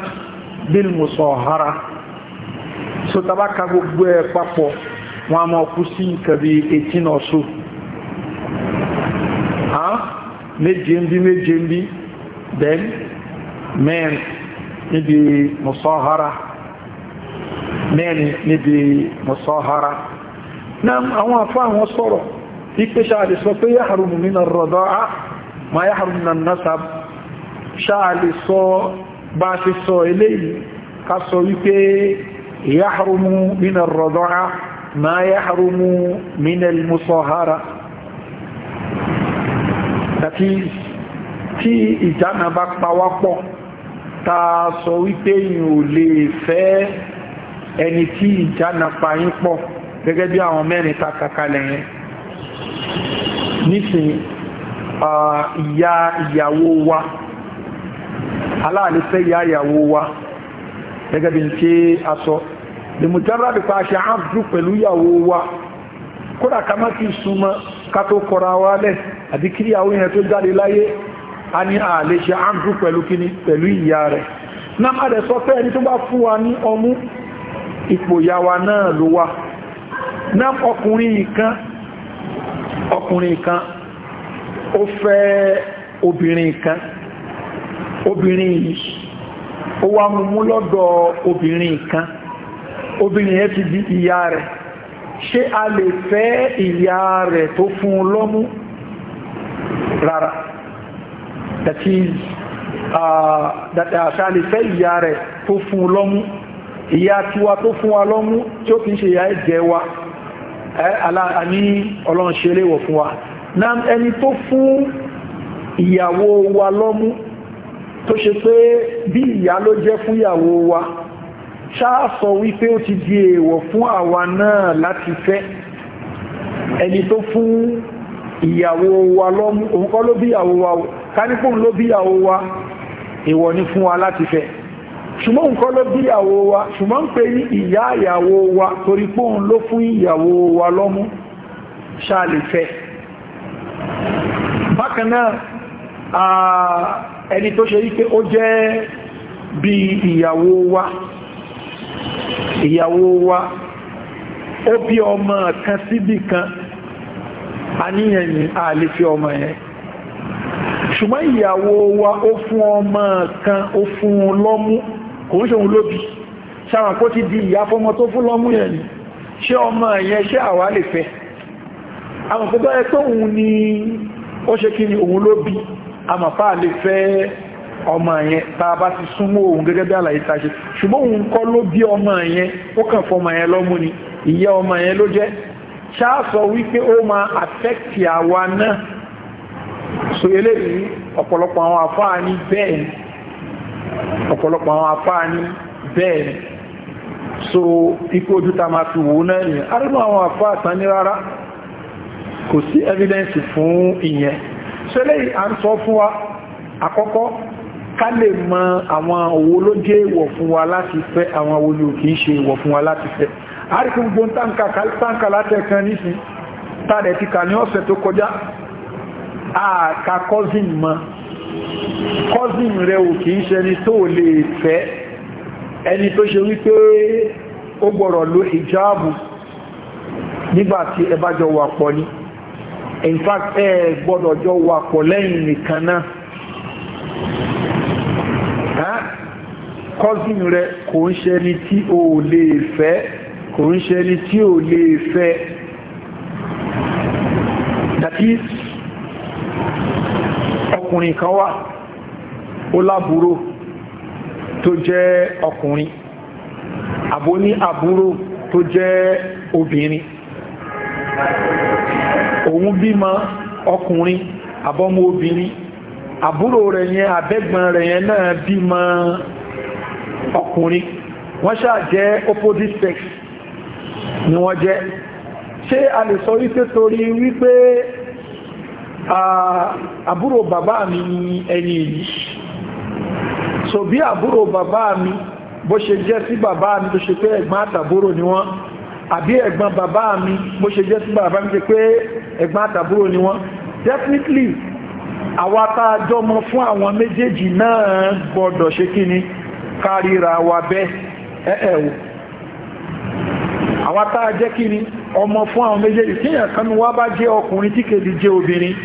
بالمصاهرة so tabaka gbogbo ẹ̀ papọ̀ wọn a máa kú sí nǹkan bí eighteen or so méje ń bí méje ń bí then mẹ́rin níbi musahara mẹ́rin níbi musahara náà àwọn afọ́ àwọn sọ̀rọ̀ ipe ṣáàlì sọ pé yáhàrùn nínú rọ̀dọ́ á ma yáhàrùn nínú nasab ṣáàlì sọ bá ṣe sọ eléyìí ká sọ wípé يحرم من الرضاعة ما يحرم من المصاهرة that is tí ìjánà bá pàwápọ̀ ta sọ wípé yìí ò lè fẹ́ ẹni tí ìjánà pàyín pọ̀ gẹ́gẹ́ bí àwọn mẹ́rin ta kàkalẹ̀ yẹn nísìn ìyá ìyàwó wa aláàlẹ́fẹ́ ìyá ìyàwó wa gẹ́gẹ́ bí n ṣe aṣọ lèmùtẹ́rà bí pa ṣe pẹ̀lú ìyàwó wa kódà ká má ti súnmọ́ ká tó kọra wa lẹ̀ àbí kí ìyàwó yẹn tó jáde láyé a ní ààlè ṣe áàbù pẹ̀lú kíní pẹ̀lú ìyá rẹ̀ náà má dẹ̀ sọ pé ẹni tó bá wa ní ọmú wa náà ló kan ọkùnrin kan ó fẹ́ kan obìnrin ó wá mú lọ́dọ̀ obìnrin kan obìnrin yẹn ti di ìyá rẹ̀ ṣé a lè fẹ́ ìyá rẹ̀ tó fún lọ́mú rárá that is uh, uh, ṣe a lè fẹ́ ìyá rẹ̀ tó fún un lọ́mú ìyá tiwa tó fún wa lọ́mú tí ó kìí ṣe ìyá ẹ̀jẹ̀ wa àní ọlọ́run ṣe léwọ̀ fún wa ẹni tó fún ìyàwó wa lọ́mú tó ṣe pé bí ìyá ló jẹ́ fún ìyàwó wa ṣáà sọ wípé ó ti di èèwọ̀ fún àwa náà láti fẹ́ ẹni tó fún ìyàwó wa lọ́mú òun kọ́ ló bí ìyàwó wa kánípò ló bí ìyàwó wa èèwọ̀ ni fún wa láti fẹ́ ṣùgbọ́n òun kọ́ ló bí ìyàwó wa ṣùgbọ́n ń pè ní ìyá ìyàwó wa torí pé òun ló fún ìyàwó wa lọ́mú ṣáà lè fẹ́ bákan náà ẹni tó ṣe wípé ó jẹ́ bí ìyàwó wa ìyàwó wa ó bí ọmọ kan síbì kan àníyàn ni a lè fi ọmọ yẹn ṣùgbọ́n ìyàwó wa ó fún ọmọ kan ó fún lọ́mú kò ń ṣe òun lóbi sáwọn kó ti di ìyá fọ́mọ tó fún lọ́mú yẹn ni ṣé ọmọ yẹn ṣé àwa lè fẹ́ àwọn òpópá ẹ ni ó ṣe kí ni òun ló àmàfà lè fẹ́ ọmọ yẹn tá a bá ti súnmọ́ òun gẹ́gẹ́ bí àlàyé tá a ṣe ṣùgbọ́n òun kọ́ ló bí ọmọ yẹn ó kàn fọmọ yẹn lọ́mú ni ìyá ọmọ yẹn ló jẹ́ ṣáàsọ wípé ó máa àfẹ́kì àwa náà so eléyìí ọ̀pọ̀lọpọ̀ àwọn àfáà ní bẹ́ẹ̀ ọ̀pọ̀lọpọ̀ àwọn àfáà ní bẹ́ẹ̀ so ipò ojú ta ma fi wò náà nìyẹn arínú àwọn àfáà tán ní rárá kò sí evidence fún ìyẹn ṣẹlẹ̀ à ń sọ fún wa àkọ́kọ́ ká lè mọ àwọn owó ló jẹ́ ìwọ̀ fún wa láti fẹ́ àwọn owó ló kìí ṣe ìwọ̀ fún wa láti fẹ́ àríkù gbogbo táǹkà látẹ̀kan nísìn tààdẹ̀ ti kà ní ọ̀sẹ̀ tó kọjá àkà cousin mọ́ cousin rẹ̀ ò kìí ṣe ẹni tó lè fẹ́ ẹni tó ṣe wípé ó gbọ́rọ̀ lo hijabu nígbàtí ẹbájọ wà pọ̀ ní in fact ẹ gbọ́dọ̀ jọ wakọ̀ lẹ́yìn nìkan náà cousin rẹ kò ń ṣe ẹni tí o lè fẹ́ kò ń ṣe ẹni tí o lè fẹ́ that is ọkùnrin kan wà ó lábúrò tó jẹ́ ọkùnrin àbó ní àbúrò tó jẹ́ obìnrin òun bímọ ọkùnrin àbọ́mọ obìnrin àbúrò rẹ̀ yẹn àbẹ́gbọ̀n rẹ̀ yẹn náà bímọ ọkùnrin wọ́n ṣáà jẹ́ opposite sex ni wọ́n jẹ́ ṣé a lè sọ wípé torí wípé àbúrò bàbá mi ni ẹni èyí so bí àbúrò bàbá mi bó ṣe jẹ́ sí bàbá mi tó ṣe pé ẹ̀gbọ́n àtàbúrò ni wọ́n àbí ẹ̀gbọ́n bàbá mi bó ṣe jẹ́ sí bàbá mi ṣe pé ẹ̀gbọ́n àtàbúrò ni wọ́n definitely àwa tá a jọmọ fún àwọn méjèèjì náà gbọ́dọ̀ ṣe kí ni káríra wa bẹ́ẹ̀ ẹ̀ẹ́ wò àwa tá a jẹ́ kí ni ọmọ fún àwọn méjèèjì kíyàn kan wá bá jẹ́ ọkùnrin tí kejì jẹ́ obìnrin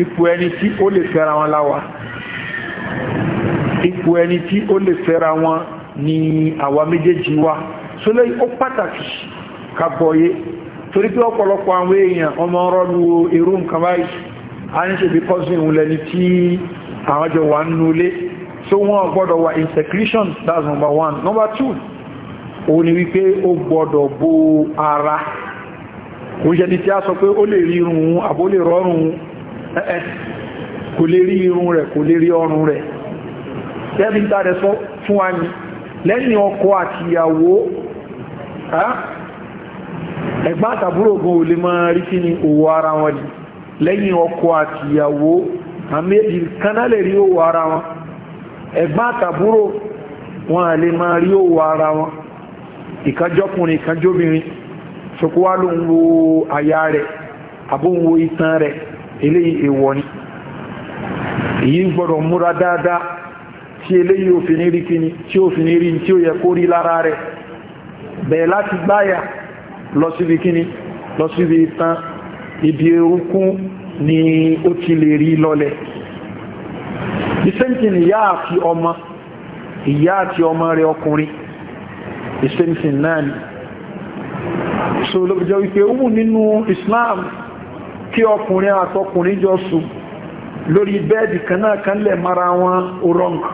ipò ẹni tí ó lè fẹ́ra wọn láwa ipò ẹni tí ó lè fẹ́ra wọn ni àwa méjèèjì wa sólẹ́ ó pàtàkì kagbọ́yé torí pé ọ̀pọ̀lọpọ̀ àwọn èèyàn ọmọ ọrọ́lu irú nǹkan báyìí a ń bí cousin òun lẹni tí àwọn jọ wà nínú ilé so wọ́n gbọ́dọ̀ wà insecretion that's number one number two òun ni wípé ó gbọ́dọ̀ bo ara òun ṣe ni tí a sọ pé ó lè rí irun òun àbó lè rọrùn ẹ̀ẹ́ kò lè rí irun rẹ̀ kò lè rí ọrùn rẹ̀ tẹ́bí ń tàrẹ fún wa ní lẹ́yìn ọkọ àti ìyàwó ẹ̀gbọ́n àtàbúrò ogun ò lè máa rí kí ni òwò ara wọn ni lẹ́yìn ọkọ àti ìyàwó àmẹ́jì kaná lè rí òwò ara wọn ẹ̀gbọ́n àtàbúrò wọn à lè máa rí òwò ara wọn ìkanjọ́kùnrin ìkanjọ́bìnrin ṣokó ló ń wo àyà rẹ̀ àbó ń wo itan rẹ̀ eléyìí èèwọ̀ ni èyí gbọ́dọ̀ múra dáadáa tí eléyìí òfin rí kíni tí òfin rí tí ó yẹ kó rí lára rẹ̀ bẹ̀ẹ̀ láti gbáyà lọ síbi kíni lọ síbi tán ibi orúkún ni ó ti lè rí lọ́lẹ̀ the same thing ìyá àti ọmọ ìyá àti ọmọ rẹ̀ ọkùnrin the náà ni so ló wípé ó wù nínú Islam kí ọkùnrin àtọkùnrin jọ sùn lórí bẹ́ẹ̀dì kanáà kan lè mara wọn orank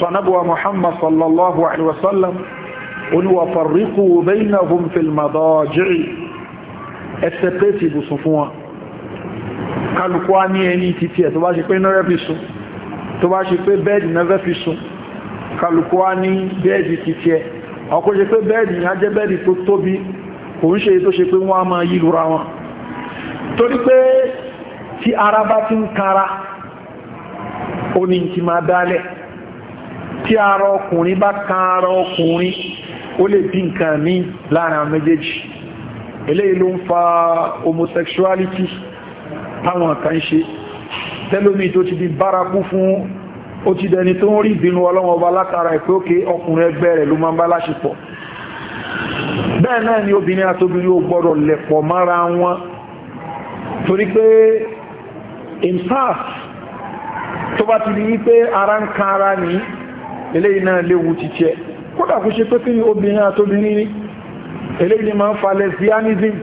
sanabuwa Muhammad sallallahu alaihi wasallam oníwàfàríkù bẹ́yìnà fún fìlmàdọ́ jírí ẹsẹ̀ pẹ́sì ibùsùn fún wọn kálùkù á ní ẹni títí ẹ̀ tó bá ṣe pé iná rẹ̀ fi sùn tó bá ṣe pé bẹ́ẹ̀dì náà fẹ́ fi sùn kálùkù á ní bẹ́ẹ̀dì títí ẹ̀ ọkọ̀ ṣe pé bẹ́ẹ̀dì á jẹ́ bẹ́ẹ̀dì tó tóbi kò ń ṣe tó ṣe pé wọ́n á máa yí lura wọn torí pé tí ara bá ti ń kara ó ní ti máa dálẹ̀ tí ara ọkùnrin bá kan ara ọkùnrin ó lè bí nǹkan ní láàrin àwọn méjèèjì eléyìí ló ń fa homosexuality táwọn kan ṣe tẹ́lómi tó ti di bárakú fún ó ti dẹni tó ń rí ìbínú ọlọ́wọ́ ọba látara ìpé òkè ọkùnrin ẹgbẹ́ rẹ̀ ló máa ń bá láṣepọ̀ bẹ́ẹ̀ náà ni obìnrin àtobìnrin ó gbọ́dọ̀ lẹ̀pọ̀ mára wọn torí pé imsaf tó bá ti di wípé ara ń kan ara ní eléyìí náà léwu ti tiẹ̀ kódà kú ṣe pé kí obìnrin àtobìnrin ní eléyìí máa ń fa lesbianism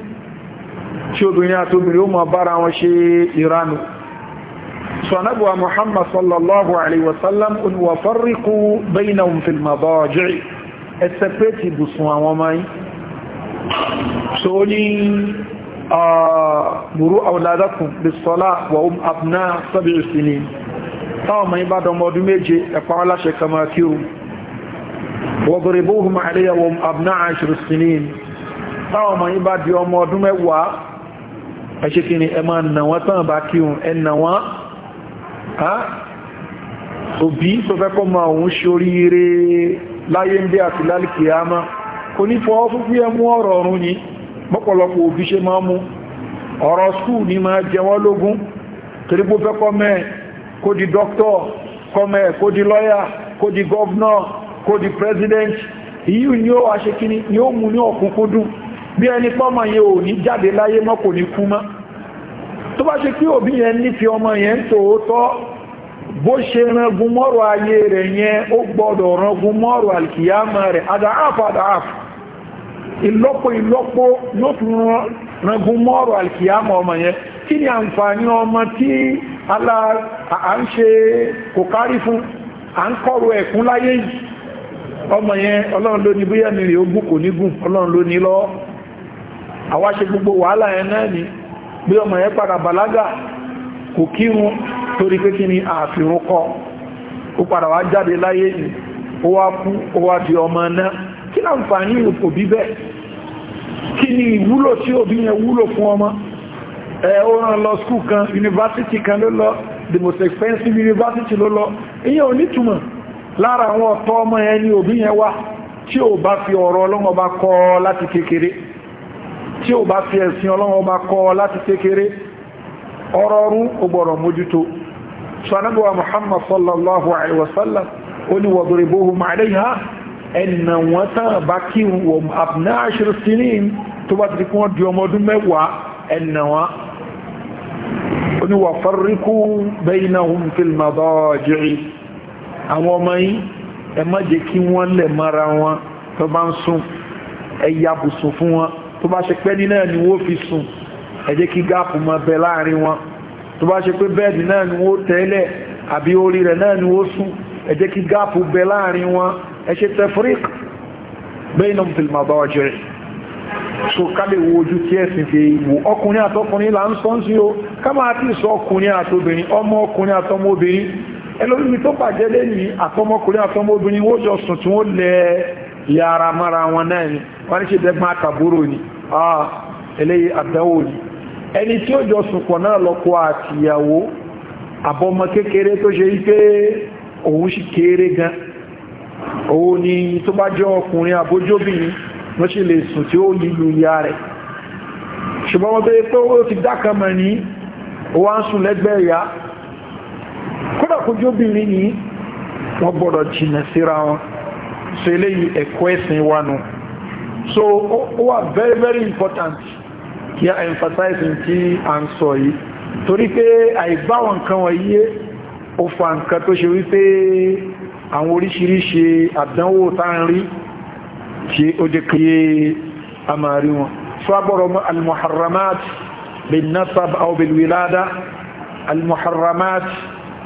tí obìnrin àtobìnrin ó máa bára wọn ṣe ìránù so anábùwa muhammad sallallahu alaihi wasallam un wa farriqu bainahum fil madaji' ẹ separate ibùsùn àwọn ọmọ yìí so ó ní muru auladakum bis-salah wa hum abna wọ́gọ̀rẹ̀bọ́hùn àríyàwòm abná àṣírí sinin táwọn ọmọ yín bá di ọmọ ọdún mẹ́wàá ẹ̀ṣẹ́ kí ni ẹ máa nà wọ́n tán bá kí un wọ́n òbí tó ma òun ṣoríire láyé ń àti lálìkì àmá kò ní fọ́ ẹ mú ọ̀rọ̀ ọ̀run ni mọ́pọ̀lọpọ̀ kó di president èyí ni ó wá ṣe kíní ni ó mú ní ọ̀kúnkúndùn bí ẹni pọ́mọ yẹn ò ní jáde láyé mọ́ kò ní kú mọ́ tó bá ṣe pé òbí yẹn nífẹ̀ẹ́ ọmọ yẹn tòótọ́ bó ṣe rangun mọ́rọ̀ ayé rẹ̀ yẹn ó gbọ́dọ̀ rangun mọ́rọ̀ alkiyama rẹ̀ adáhàfà adáhàfà ìlọ́pọ̀ ìlọ́pọ̀ yóò tún rangun mọ́rọ̀ alkiyama ọmọ yẹn kí ni àǹfààní ọmọ tí à ń ṣe kò kárí fún ọmọ yẹn ọlọ́run ló ní bóyá mi rè ogún kò ní gùn ọlọ́run ló ní ṣe gbogbo wàhálà yẹn náà ni bí ọmọ yẹn padà bàlágà kò kírun torí pé ni àfihàn kọ ó padà wá jáde láyé ni ó wá kú ó wá di ọmọ náà kí láǹfààní bẹ́ẹ̀ kí ni ìwúlò tí òbí yẹn wúlò fún ọmọ ẹ ó lọ skul kan yunifásitì kan lọ the most expensive university lára àwọn ọ̀tọ́ ọmọ ẹni òbí yẹn wá tí ó bá fi ọ̀rọ̀ ọlọ́mọba kọ́ láti kékeré tí ó bá fi ẹ̀sìn ọlọ́mọba kọ́ láti kékeré ọ̀rọ̀ ọrún ògbọ̀rọ̀ mójútó ṣanábọ̀wà Muhammad sallallahu alaihi wasallam bá kí wọn àwọn ọmọ yìí ẹ má kí wọ́n lẹ̀ mara wọn tó bá ń sùn ẹ ya fún wọn tó bá ṣe pẹ́ ní náà ni wọ́n fi sùn ẹ jẹ́ kí gáàpù má bẹ láàrin wọn tó bá ṣe pé bẹ́ẹ̀dì náà ni wọ́n tẹ́lẹ̀ àbí orí rẹ̀ náà ni wọ́n sùn ẹ jẹ́ bẹ láàrin wọn ẹ ṣe bá so wo ojú tí ẹ̀sìn fi ọkùnrin àtọkùnrin là ń sọ́n sí o ká máa sọ ọkùnrin àtobìnrin ọmọ ọkùnrin àtọmọbìnrin ẹlòmí tó pàjẹ́ lé ní àtọmọkùnrin àtọmọbìnrin wọ́n jọ sùn tí wọ́n lẹ ìyá mara wọn náà ni wọ́n ní ṣe dẹ́gbọ́n àtàbúrò ni eléyìí àdánwò ni ẹni tí ó jọ sùn pọ̀ náà lọ́kọ àtìyàwó àbọ̀mọ kékeré tó ṣe wípé òun sì kéré gan òun ni tó bá jẹ́ ọkùnrin àbójóbìnrin wọ́n sì lè sùn tí ó lílu ìyá rẹ̀ ṣùgbọ́n wọ́n tó yẹ pé ó ti dákan mọ̀ ní ó wá ń sùn lẹ́gbẹ̀ẹ́ ìyá kódà kojú obìnrin yìí wọ́n gbọ́dọ̀ jìnà síra wọn so eléyìí ẹ̀kọ́ ẹ̀sìn wa nù so ó wà very very important kí a emphasize tí a ń sọ yìí torí pé àìbáwọn nǹkan wọ̀nyí ó fa nǹkan tó ṣe wípé àwọn oríṣiríṣi àdánwò tá ń rí tí ó jẹ́ kí a wọn fábọ̀rọ̀ al-muharramat bin nasab aw wilada al-muharramat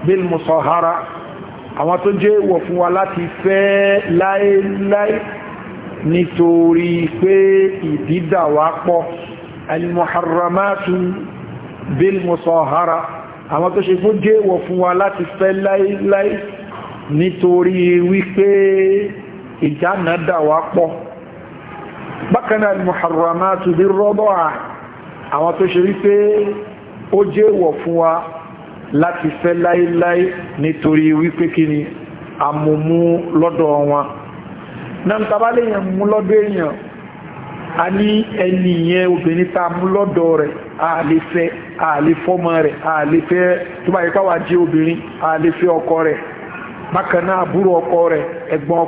bil musahara àwọn tó jẹ́ èèwọ̀ fún wa láti fẹ́ láéláé nítorí pé ìdídà wá pọ̀ al-muharramatu bil musahara àwọn tó ṣe fún jẹ́ èèwọ̀ fún wa láti fẹ́ láéláé nítorí wípé ìjánadà wá pọ̀ bákanáà al-muharramatu bir àwọn tó ṣe wípé ó jẹ́ èèwọ̀ fún wa láti fẹ́ láíláí nítorí wípé kí ni àmúmú lọ́dọ̀ wọn náà tàbálẹ̀ èèyàn mú lọ́dọ̀ èyàn a ní ẹni obìnrin ta mú lọ́dọ̀ rẹ̀ àlefẹ́ àlefọ́mọ rẹ̀ àlefẹ́ tó bá wà jẹ́ obìnrin àlefẹ́ ọkọ rẹ̀ àbúrò ọkọ rẹ̀ ẹ̀gbọ́n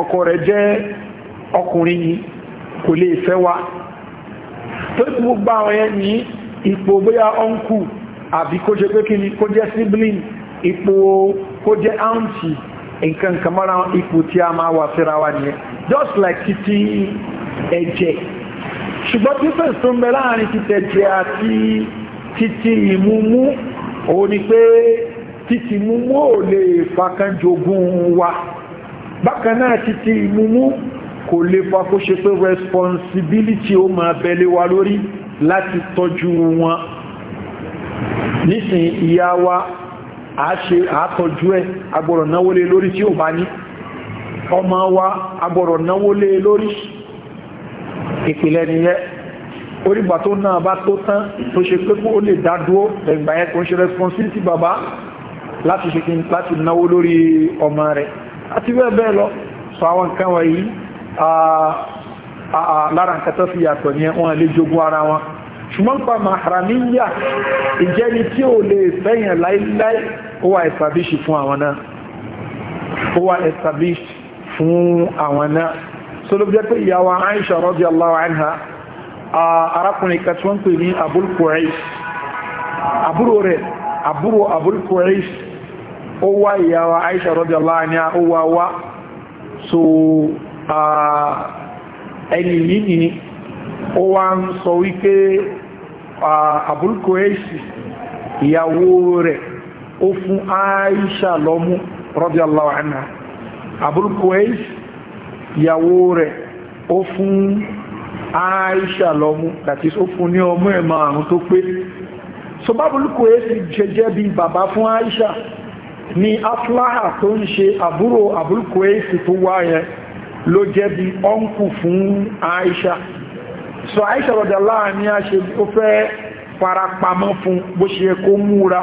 ọkọ rẹ̀ ọkùnrin yìí kò lè fẹ́ wa tó tí mo gbá àwọn yẹn ní ipò bóyá ọ́nkù àbí kó jẹ pé kí ni kó jẹ́ sibling ipò kó jẹ́ áùntì nǹkan kan mọ́ra ipò tí a máa wà síra wa nìyẹn just like títí ẹ̀jẹ̀ ṣùgbọ́n tí fẹ́ tó ń bẹ láàrin títẹ̀jẹ̀ àti títí ìmúmú òun ni pé títí ìmúmú ò lè fakan jogún wa bákan náà títí ìmúmú kò lè fa kó ṣe pé responsibility ó máa bẹ̀lẹ̀ wa lórí láti tọ́jú wọn nísìn ìyá wa àáṣe àátọ́jú ẹ agbọ̀rọ̀ náwó lé lórí tí ó bá ní ọmọ wa agbọ̀rọ̀ náwó lé lórí ìpìlẹ̀ nìyẹn orígbà tó náà bá tó tán tó ṣe pé ó lè dá ẹgbà yẹn kò ṣe responsibility bàbá láti ṣe kí láti náwó lórí ọmọ rẹ̀ àti bẹ́ẹ̀ bẹ́ẹ̀ lọ sọ àwọn nǹkan wọ̀nyí lára nǹkan tó fi yàtọ̀ ní wọn lè jogún ara wọn ṣùgbọ́n pa mahramiya ìjẹni tí ó lè fẹ́yàn láíláí ó wà establish fún àwọn náà ó wà establish fún àwọn náà so ló jẹ́ pé ìyàwó Aisha radiyallahu anha arákùnrin kan tí wọ́n pè ní Abul Quraysh àbúrò rẹ̀ Abul Quraysh ó wá ìyàwó Aisha radiyallahu anha ó wá wá so ẹni yìí ni ó wá ń sọ wípé Abul Kureshi ìyàwó rẹ̀ ó fún Aisha lọ́mú radiyallahu anha Abul Kureshi ìyàwó rẹ̀ ó fún Aisha lọ́mú àti ó fún ní ọmọ ẹ̀mọ àrùn tó pé so Abul Kureshi jẹjẹ́ bí bàbá fún Aisha ni afláhà tó ń ṣe àbúrò Abul Kureshi tó wáyẹn ló jẹ́ bí ọ́nkù fún Aisha so Aisha radiyallahu anha ṣe ó fẹ́ farapamọ́ fún bó ṣe yẹ kó múra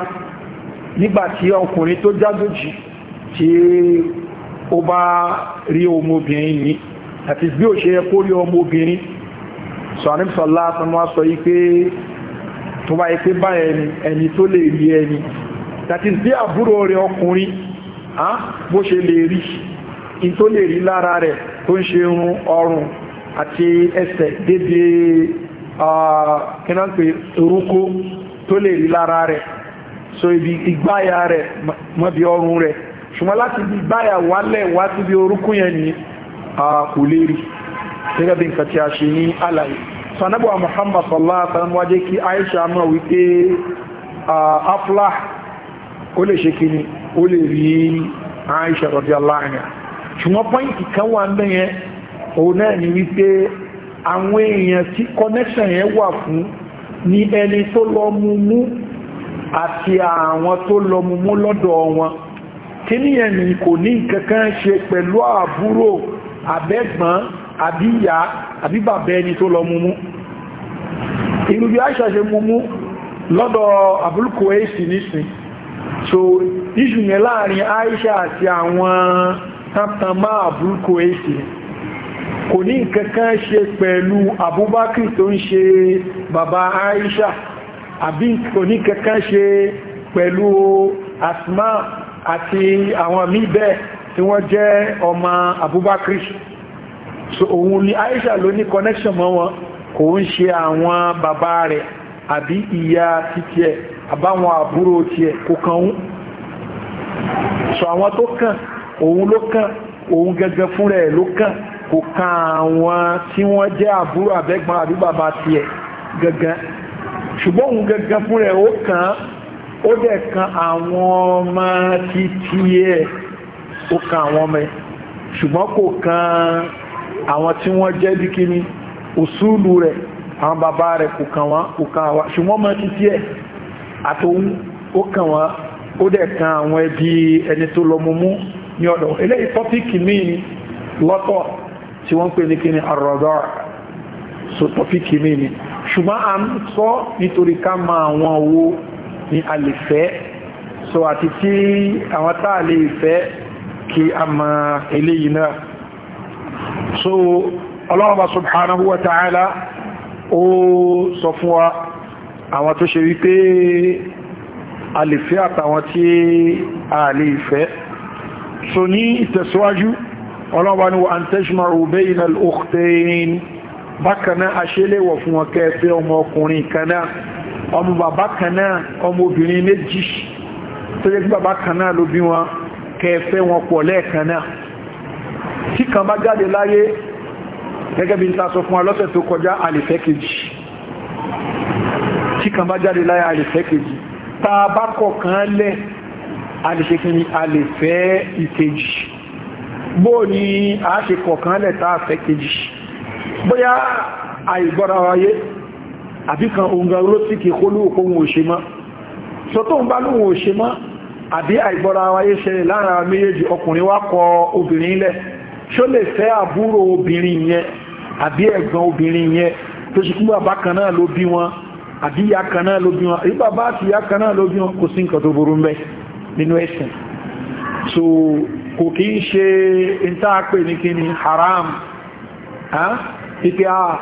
nígbàtí ọkùnrin tó jádójì tí ó bá rí ọmọbìnrin ní àti bí ó ṣe yẹ kó rí ọmọbìnrin so anìsọ̀lá tánwà sọ yí pé tó bá yẹ pé bá ẹni tó lè rí ẹni tàti bí àbúrò rẹ̀ ọkùnrin ah, bó ṣe lè rí in tó lè rí lára rẹ̀ tó ń ṣe irun ọrùn àti ẹsẹ̀ débi kínápé orúkó tó lè rí lára rẹ̀ so ibi ìgbáyà rẹ̀ mọ́bí ọrùn rẹ̀ ṣùgbọ́n láti bí ìgbáyà wálẹ̀ wá sí bí orúkú yẹn ni kò lè rí gẹ́gẹ́ bí nǹkan tí a ṣe ní àlàyé sanabuwa muhammad sallallahu alaihi wasallam wájé kí aisha mọ̀ wípé aflah ó lè ṣe kí ó lè rí aisha radiyallahu anha ṣùgbọ́n pọ́ìntì kan wà ńbẹ̀ yẹn òun náà ni wípé àwọn èèyàn tí connection yẹn wà fún ni ẹni tó lọ mú mú àti àwọn tó lọ mú mú lọ́dọ̀ wọn kí níyẹn ni kò ní kankan ṣe pẹ̀lú àbúrò àbẹ́gbọ́n àbí ìyá àbí bàbá ẹni tó lọ mú mú irú bí Aisha ṣe mú mú lọ́dọ̀ àbúrúkọ èsì nísìn so iṣù yẹn láàrin Aisha àti àwọn tán máa àbúrúkọ èsì kò ní nǹkankan ṣe pẹ̀lú Abubakar tó ń ṣe bàbá Aisha àbí kò ní nǹkankan ṣe pẹ̀lú Asma àti àwọn míbẹ̀ tí wọ́n jẹ́ ọmọ Abubakar so òun ni Aisha ló ní connection mọ́ wọn kò ń ṣe àwọn bàbá rẹ̀ àbí ìyá títí ẹ̀ àbáwọn àbúrò tí ẹ̀ kò kàn ún so àwọn tó kàn òun ló kàn òun gẹ́gẹ́ fún rẹ̀ ló kàn kò kan àwọn tí wọ́n jẹ́ àbúrò àbẹ́gbọ́n àbí bàbá tiẹ̀ gẹ́gẹ́ ṣùgbọ́n òun gẹ́gẹ́ fún rẹ̀ ó kàn ó dẹ̀ kan àwọn ọmọ ti tiẹ̀ ó kan àwọn ọmọ ẹ̀ ṣùgbọ́n kò kan àwọn tí wọ́n jẹ́ bí kíní òṣùlù rẹ̀ àwọn bàbá rẹ̀ kò kàn wọ́n kò kan àwọn ṣùgbọ́n mọ́ títí ẹ̀ àtòun ó kàn wọ́n ó dẹ̀ kan àwọn ẹbí ẹni tó lọ mú mú ní ọ̀dọ̀ eléyìí tọ́píkì míì lọ́tọ̀ tí wọ́n pè ní kí ni àrọ̀dọ́ so tọ́píkì míì ni ṣùgbọ́n a ń sọ nítorí ká ma àwọn owó ní alìfẹ́ so àti tí àwọn táà lè fẹ́ kí a ma eléyìí náà so ọlọ́ọ̀bá subhanahu ó sọ fún wa àwọn tó ṣe wípé alìfẹ́ àtàwọn tí a lè fẹ́ so ní ìtẹ̀síwájú ọlọ́ba ni wa an tajma'u bayna al-ukhtayn bákanáà aṣẹ́lẹ̀wọ̀ fún wọn kẹfẹ́ ọmọ ọkùnrin kanáà ọmọ bàbá kanáà ọmọ obìnrin méjì tó jẹ́ bàbá kanáà ló bí wọn kẹfẹ́ wọn pọ̀ lẹ́ẹ̀kanáà tí kan bá jáde láyé a lè ṣe kí ni a lè fẹ́ ìkejì bó ni a ṣe kọ̀kan lẹ̀ tá a fẹ́ kejì bóyá àìgbọ́ra wáyé àbí kan oǹgan ló sì kí kó lóòkó wọn ò ṣe mọ́ so tó ń bá lóòwò ò ṣe mọ́ àbí àìgbọ́ra wáyé ṣẹlẹ̀ lára méjèèjì ọkùnrin wá kọ obìnrin lẹ̀ ṣó lè fẹ́ àbúrò obìnrin yẹn àbí ẹ̀gbọ́n obìnrin yẹn tó ṣe kí bàbá kan náà ló bí wọn àbí ìyá kan náà ló bí wọn àbí bàbá àti ìyá kan náà ló bí wọn kò sí nǹkan tó burú ń nínú ẹ̀sìn so kò kí ń ṣe ìntàpè ní kí ni haram ipe a ah,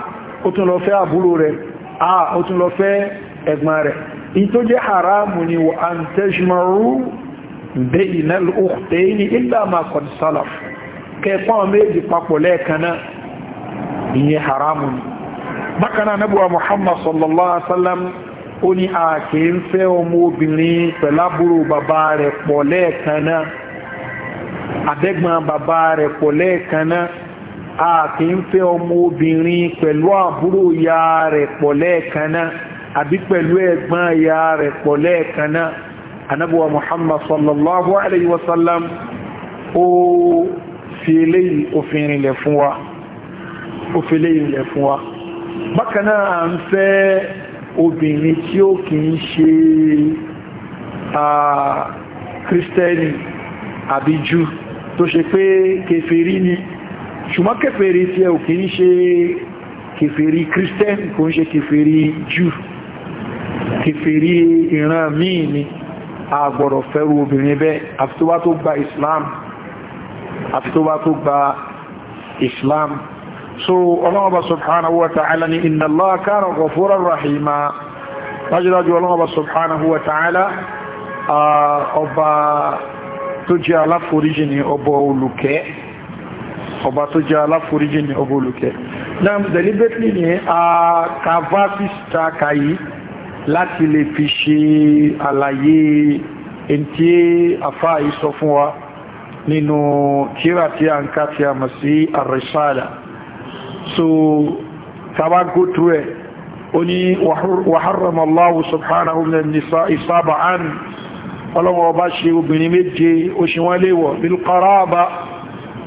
ó tún lọ fẹ́ àbúrò rẹ̀ a ah, ó tún lọ fẹ́ ẹ̀gbọ́n rẹ̀ in tó jẹ́ haram ni wa an tajmaru bayna al-ukhtayn illa ma qad salaf kẹ́ẹ̀kọ́ ó ní ààkè ń fẹ́ ọmọ obìnrin pẹ̀lábúrò bàbá rẹ̀ pọ̀ lẹ́ẹ̀kan náà àbẹ́gbọ̀n bàbá rẹ̀ pọ̀ lẹ́ẹ̀kan náà ààkè ń fẹ́ ọmọ obìnrin pẹ̀lú àbúrò ìyá rẹ̀ pọ̀ lẹ́ẹ̀kan náà àbí pẹ̀lú ẹ̀gbọ́n ìyá rẹ̀ pọ̀ lẹ́ẹ̀kan náà anábùwà Muhammad sallallahu alayhi wa sallam ó fi eléyìí òfin rinlẹ̀ fún wa bákan náà à ń fẹ́ obìnrin tí ó kì í ṣe kírísítẹ́nì àbí jù tó ṣe pé kèfèrí ni ṣùgbọ́n kèfèrí tí ẹ ò kì í ṣe kèfèrí kírísítẹ́nì kò ń ṣe kèfèrí jù kèfèrí ìran míì ni a gbọ́dọ̀ fẹ́rù obìnrin bẹ́ẹ̀ àfi tó bá tó gba Islam àfi tó bá tó gba Islam so ọlọ́mọba subhanahu wa ta'ala ni inna Allah kana ghafuran rahima dájúdájú ọlọ́mọba subhanahu wa ta'ala ọba tó jẹ́ aláforíjì ni ọba olùkẹ́ ọba tó jẹ́ aláforíjì ni ọba olùkẹ́ náà deliberately ni a kavasis ta kayi láti lè fi ṣe àlàyé ẹntí àfáà yìí sọ fún wa nínú kíra tí a ń ká tí a mọ̀ sí ar so tàbá go through ẹ̀ ó ní wàháràmọ́láwù subhanahu min an-nisa'i sab'an ọlọ́wọ́ ọba ṣe obìnrin méje oṣù wọn léwọ̀ bil qaraba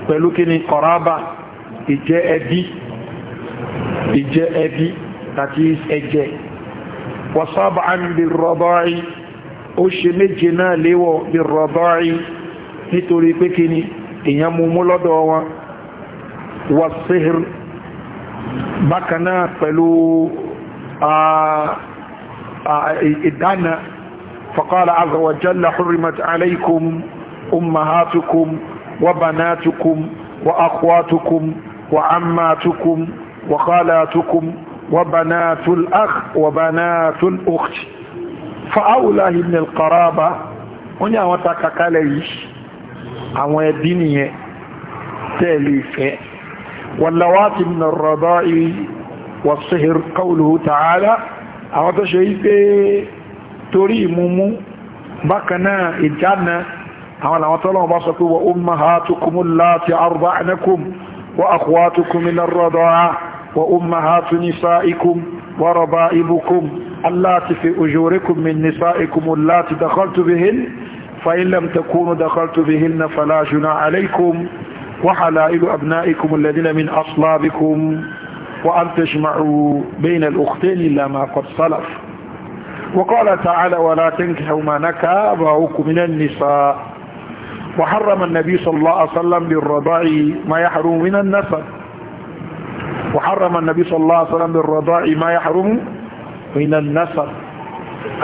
pẹ̀lú kí ni qaraba ìjẹ́ ẹbí ìjẹ́ ẹbí àti ẹ̀jẹ̀ wa sab'an bil rada'i ó ṣe méje náà léwọ̀ bil rada'i nítorí pé kí ni èèyàn mú mú lọ́dọ̀ wa sihr bákanáà pẹ̀lú ìdána faqala azza wa jalla hurrimat alaykum ummahatukum wa banatukum wa akhwatukum wa ammatukum wa khalatukum wa banatul akh wa banatul ukht fa'aulahi min al-qaraba wọ́n ní àwọn takakalẹ̀ yìí àwọn ẹbí nìyẹn tẹ́ẹ̀lú واللوات من الرضاء والصهر قوله تعالى أعطى شهيك تريمم بكنا إجانا أعطى الله بسطه وأمهاتكم اللاتي أرضعنكم وأخواتكم من الرضاء وأمهات نسائكم وربائبكم اللاتي في أجوركم من نسائكم اللاتي دخلت بهن فإن لم تكونوا دخلت بهن فلا جنا عليكم وحلائل أبنائكم الذين من أصلابكم وأن تجمعوا بين الأختين إلا ما قد صلف وقال تعالى ولا تنكحوا ما نكى أباؤكم من النساء وحرم النبي صلى الله عليه وسلم بالرضاع ما يحرم من النسب وحرم النبي صلى الله عليه وسلم بالرضاع ما يحرم من النسب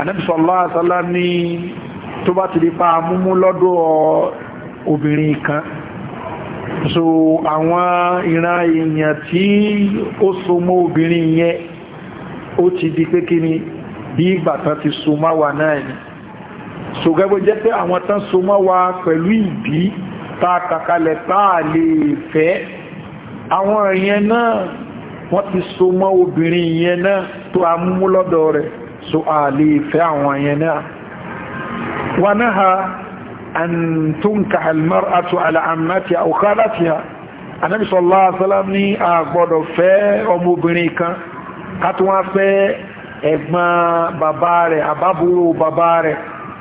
النبي صلى الله عليه وسلم تبات tó bá ti so àwọn ìran èèyàn tí ó so mọ́ obìnrin yẹn ó ti di pé ni bí ìgbàtán ti so mọ́ wa náà ni so gẹ́gbẹ́ jẹ́ pé àwọn tán so mọ́ wa pẹ̀lú ìbí ta kàkalẹ̀ táà lè fẹ́ àwọn èèyàn náà wọ́n ti so mọ́ obìnrin yẹn náà tó a rẹ̀ so a lè fẹ́ àwọn yẹn náà أن تنكح المرأة على عمتها أو خالتها Ànábì sallallahu الله wasallam ní a gbọ́dọ̀ fẹ́ ọmọbìnrin kan kátún wá fẹ́ ẹ̀gbọ́n bàbá rẹ̀ àbábúrò bàbá rẹ̀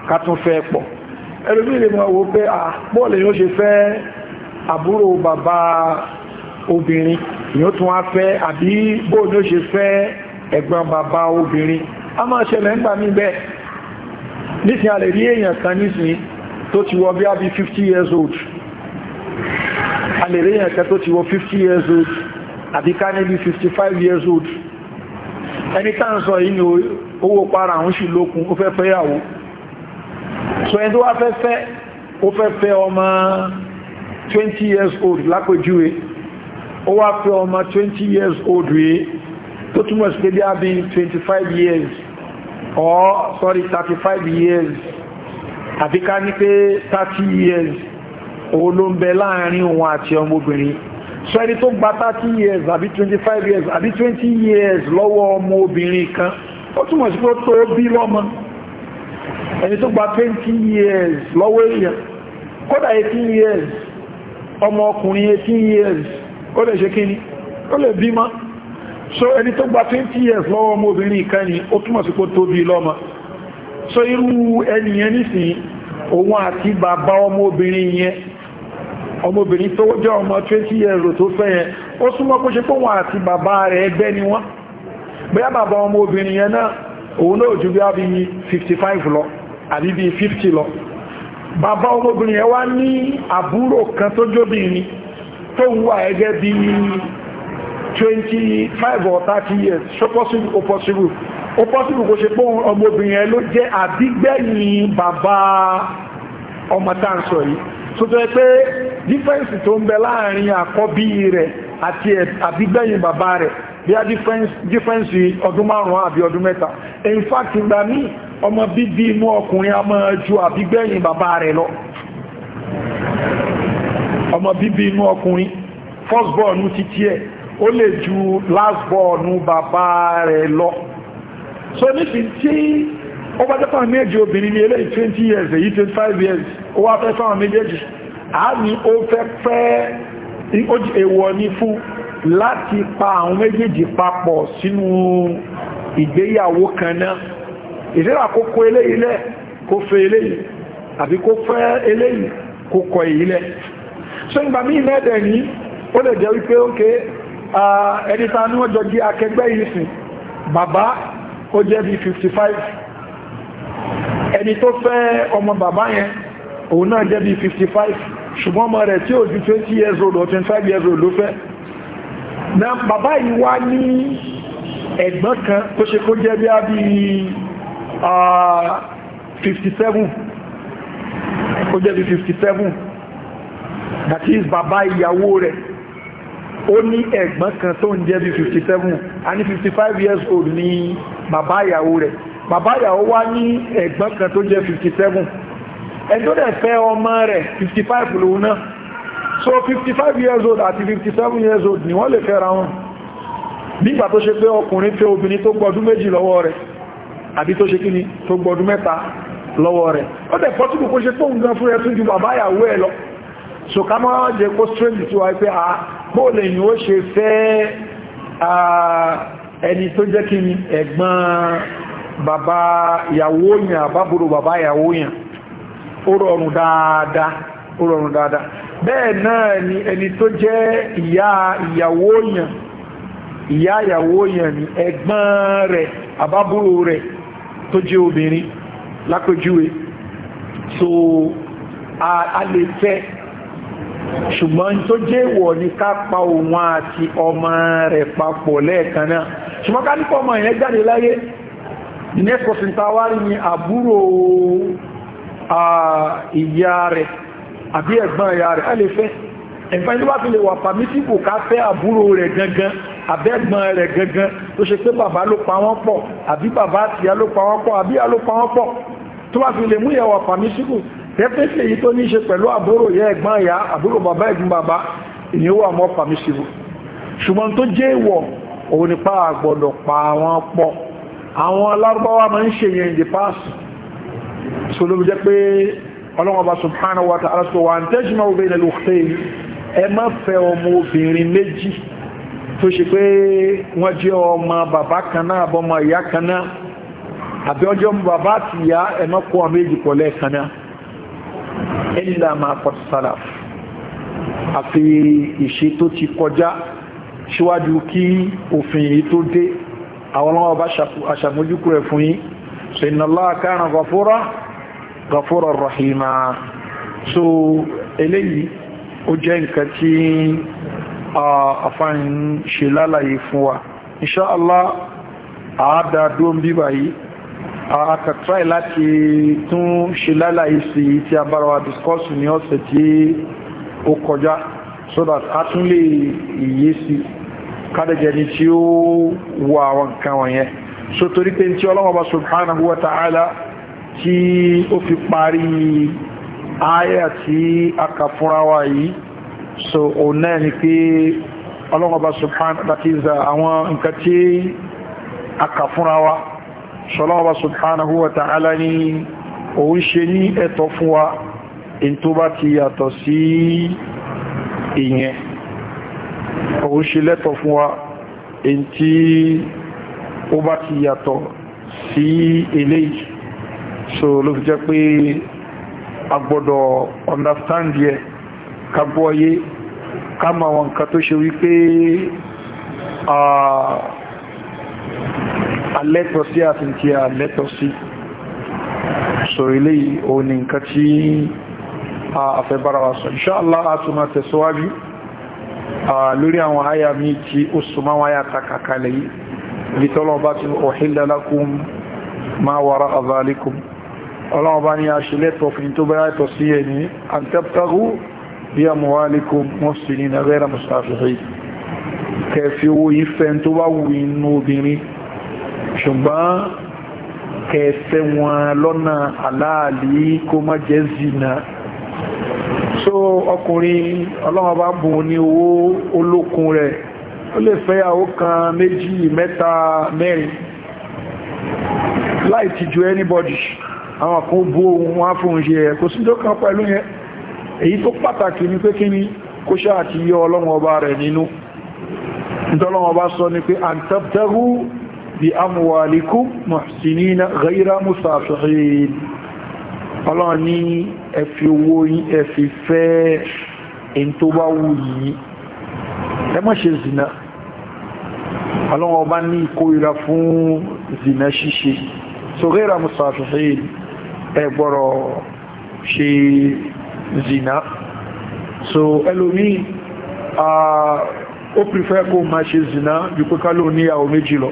kátún fẹ́ pọ̀ ẹlòmí lè máa wò pé àpọ́ọ̀lẹ̀ yóò ṣe fẹ́ àbúrò bàbá obìnrin yóò tún wá fẹ́ àbí bóò ní ó ṣe fẹ́ ẹ̀gbọ́n bàbá obìnrin a máa ṣẹlẹ̀ ń gbà mí bẹ́ẹ̀ nísìn lè rí èèyàn kan nísìn tó ti wọ bí i 50 years old a lè rí ẹ̀kẹ́ tó ti wọ 50 years old àbí ká níbi 55 years old ẹni tán sọ yìí ni owó para àwọn sì lókun ó fẹ́ fẹ́ yàwó so ẹni tó wá fẹ́ fẹ́ ó fẹ́ fẹ́ ọmọ 20 years old lápèjúwe ó wá fẹ́ ọmọ 20 years old rèé tó túnmọ̀ sí pé bí i 25 years or sorry 35 years àbí ká ní pé 30 years owó ló ń bẹ láàrin òun àti ọmọbìnrin so ẹni tó gba 30 years àbí 25 years àbí 20 years lọ́wọ́ ọmọbìnrin kan ó túnmọ̀ sí pé ó tó bí lọ́mọ ẹni tó gba 20 years lọ́wọ́ èèyàn kódà 18 years ọmọ ọkùnrin 18 years ó lè ṣe kíni ó lè bímọ so ẹni tó gba 20 years lọ́wọ́ ọmọbìnrin kan ni ó túnmọ̀ sí pé ó tó bí lọ́mọ so irú ẹniyẹn nísìnyí òun àti bàbá ọmọbìnrin yẹn ọmọbìnrin tó jẹ́ ọmọ 20 years tó fẹ́ yẹn ó súnmọ́ kó ṣe pé òun àti bàbá rẹ̀ ẹgbẹ́ ni wọ́n bóyá bàbá ọmọbìnrin yẹn náà òun náà jù bí á bí 55 lọ àbí bí 50 lọ bàbá ọmọbìnrin yẹn wá ní àbúrò kan tó jóbìnrin tó ń wà ẹgẹ́ bí 25 or 30 years ṣó possible ó possible ó possible kó ṣe pé ọmọbìnrin yẹn ló jẹ́ àbígbẹ̀yìn bàbá ọmọ tá à ń sọ yìí tó tẹ́ pé dífẹ́ǹsì tó ń bẹ láàrin àkọ́bí rẹ̀ àti àbígbẹ̀yìn bàbá rẹ̀ bí a dífẹ́ǹsì ọdún márùn-ún àbí ọdún mẹ́ta in fact ìgbà mí ọmọ bíbí inú ọkùnrin a máa ju àbígbẹ̀yìn bàbá rẹ̀ lọ ọmọ bíbí inú ọkùnrin first born títí ẹ̀ ó lè ju last born bàbá rẹ̀ lọ so nífi tí ó bá jẹ́pàá méjì obìnrin ní eléyìí 20 years èyí 25 years ó wá fẹ́ fáwọn méjèèjì a ní ó fẹ́ fẹ́ èwọ̀ ní fún láti pa àwọn méjèèjì papọ̀ sínú ìgbéyàwó kan náà ìdíra kó kó eléyìí lẹ̀ kó fẹ́ eléyìí àbí kó fẹ́ eléyìí kó kọ èyí lẹ̀ so ìgbà mí mẹ́ẹ̀dẹ̀ ní ó lè jẹ́ wípé ókè ẹni ta ní wọ́n jọ jẹ́ akẹgbẹ́ yìí sìn bàbá ó jẹ́ bí 55 ẹni tó fẹ́ ọmọ bàbá yẹn òun náà jẹ́ bí 55 ṣùgbọ́n ọmọ rẹ̀ tí ó ju 20 years old or 25 years old ló fẹ́ na bàbá yìí wá ní ẹ̀gbọ́n kan tó ṣe kó jẹ́ bí á bí 57 kó jẹ́ bí 57 that is bàbá ìyàwó rẹ̀ ó ní ẹ̀gbọ́n kan tó ń jẹ́ bí 57 a ní 55 years old ní bàbá ìyàwó rẹ̀ bàbá ìyàwó wá ní ẹ̀gbọ́n kan tó jẹ́ 57 ẹni tó dẹ̀ fẹ́ ọmọ rẹ̀ 55 lòun náà so 55 years old àti 57 years old ni wọ́n lè fẹ́ra wọn nígbà tó ṣe pé ọkùnrin fẹ́ obìnrin tó gbọdún méjì lọ́wọ́ rẹ̀ àbí tó ṣe kí ni tó gbọdún mẹ́ta lọ́wọ́ rẹ̀ ó dẹ̀ pọ́tùkù kó ṣe tó ń gan fún ẹ tún ju bàbá ìyàwó ẹ lọ so ká máa jẹ kó strange tí wá pé a ah, bó lè yìn ó ṣe fẹ́ ah, ẹni tó jẹ́ kí ni ẹ̀gbọ́n baba ìyàwó yàn àbábòrò baba ìyàwó yàn ó rọrùn dáadáa ó rọrùn dáadáa bẹ́ẹ̀ náà ni ẹni tó jẹ́ ìyá ìyàwó yàn ìyá ìyàwó ni ẹ̀gbọ́n rẹ̀ àbábòrò rẹ̀ tó jẹ́ obìnrin lápèjúwe so a lè fẹ́ ṣùgbọ́n tó jẹ́ ìwọ̀ ní ká pa òun àti ọmọ rẹ̀ papọ̀ lẹ́ẹ̀kan náà ṣùgbọ́n ká nípa the next person tawari ni àbúrò ìyá rẹ̀ àbí ẹ̀gbọ́n ìyá rẹ̀ ẹlẹ́ fẹ́ ẹ̀fẹ́ ní wá fi lè wà pàmítìkò ká fẹ́ àbúrò rẹ̀ gangan àbẹ́gbọ́n rẹ̀ gangan tó ṣe pé bàbá ló pa wọ́n pọ̀ àbí bàbá àtìyá ló pa wọ́n pọ̀ àbí ìyá ló pa wọ́n pọ̀ tó wá fi lè mú ìyàwó pàmítìkò tẹ́fẹ́sẹ̀ èyí tó ní ṣe pẹ̀lú àbúrò yẹ ẹ̀gbọ́n ìyá àbúrò bàbá ẹ̀gbọ́n bàbá ìyẹn wà mọ́ pàmítìkò ṣùgbọ́n tó jẹ́ ìwọ̀ òun nípa àgbọ̀dọ̀ pa wọ́n pọ̀ àwọn alárúbáwá ma ń ṣe yẹn in the past jẹ́ pé ọlọ́wọ́ba subhanahu wa ta'ala sọ wa n tẹ́jìmọ̀ obìnrin lẹ́lú ọ̀tẹ́ ẹ má fẹ́ ọmọ obìnrin méjì tó ṣe pé wọ́n jẹ́ ọmọ bàbá kan náà àbọ́mọ ìyá kan náà àbí ọjọ́ bàbá àti ìyá ẹ má kó ọmọ èjì pọ̀ lẹ́ẹ̀kan náà illa ma qad salaf àfi ìṣe tó ti kọjá àwọn ọlọ́wọ́ bá aṣàmójúkú rẹ̀ fún yín so inna Allaha kana ghafura ghafura rahima so eléyìí ó jẹ́ nǹkan tí àfáàn ṣe lálàyé fún wa insha Allah àádá dóń bíbà yìí àkàtàí láti tún ṣe lálàyé sí tí a discourse ní ọ̀sẹ̀ tí ó kọjá so that a tún lè yé sí i kádẹ̀jẹ̀ ni tí ó wọ àwọn nǹkan wọ̀nyẹn so torí pé tí ọlọ́wọ́ba subhanahu wa ta'ala tí ó fi parí ayà tí a kà fúnra wa yìí so òun náà ni pé ọlọ́wọ́ba subhanahu wa ta'ala uh, àwọn nǹkan tí a kà fúnra wa ṣọlọ́wọ́ba subhanahu wa ta'ala ni òun ṣe ní ẹ̀tọ́ fún wa in tó bá ti yàtọ̀ sí ìyẹn òun ṣe lẹ́tọ̀ fún wa èyí tí ó bá ti yàtọ̀ sí eléyìí so ló fi jẹ́ pé a gbọ́dọ̀ understand yẹ ká gbọ́ yé ká ma wọn nǹkan tó ṣe wípé alẹ́tọ̀ sí àti tí a lẹ́tọ̀ sí so eléyìí òun ni nǹkan tí a fẹ́ bára wa sọ inshallah a tún máa tẹ̀síwájú so, Ah, lórí àwọn àyà mi tí ó súnmọ́ wáyà takakalẹ̀ yìí bí tọ́lọ́ọ̀bá ti uhilla lakum ma wara'a dhalikum ọlọ́ọ̀bá ni a ṣe lẹ́tọ̀ fún tó bá yàtọ̀ sí ẹni an tabtaghu bi amwalikum muhsinina so ọkùnrin ọlọ́wọ́n bá bùn ní owó olókun rẹ̀ ó lè fẹ́yàwó kan méjì mẹ́ta mẹ́rin láì ti ju anybody àwọn kan bú ohun wá fún ṣe ẹ̀ kò síjọ́ kan pẹ̀lú yẹn èyí tó pàtàkì ní pé kí ni kó ṣáà ti yọ ọlọ́wọ́n ọba rẹ̀ nínú ìtọ́lọ́wọ́n bá sọ ni pé ọlọ́run ní ẹ̀fì owó ẹ̀fì fẹ́ èyí bá wù yìí ẹ má ṣe zina ọlọ́run ọba ní ìkórira fún zina ṣíṣe sọ̀rẹ́ra musafihin ẹ gbọ́rọ̀ ṣe zina so ẹlòmí ó prefer kó má ṣe zina ju pé kálò níyàwó méjì lọ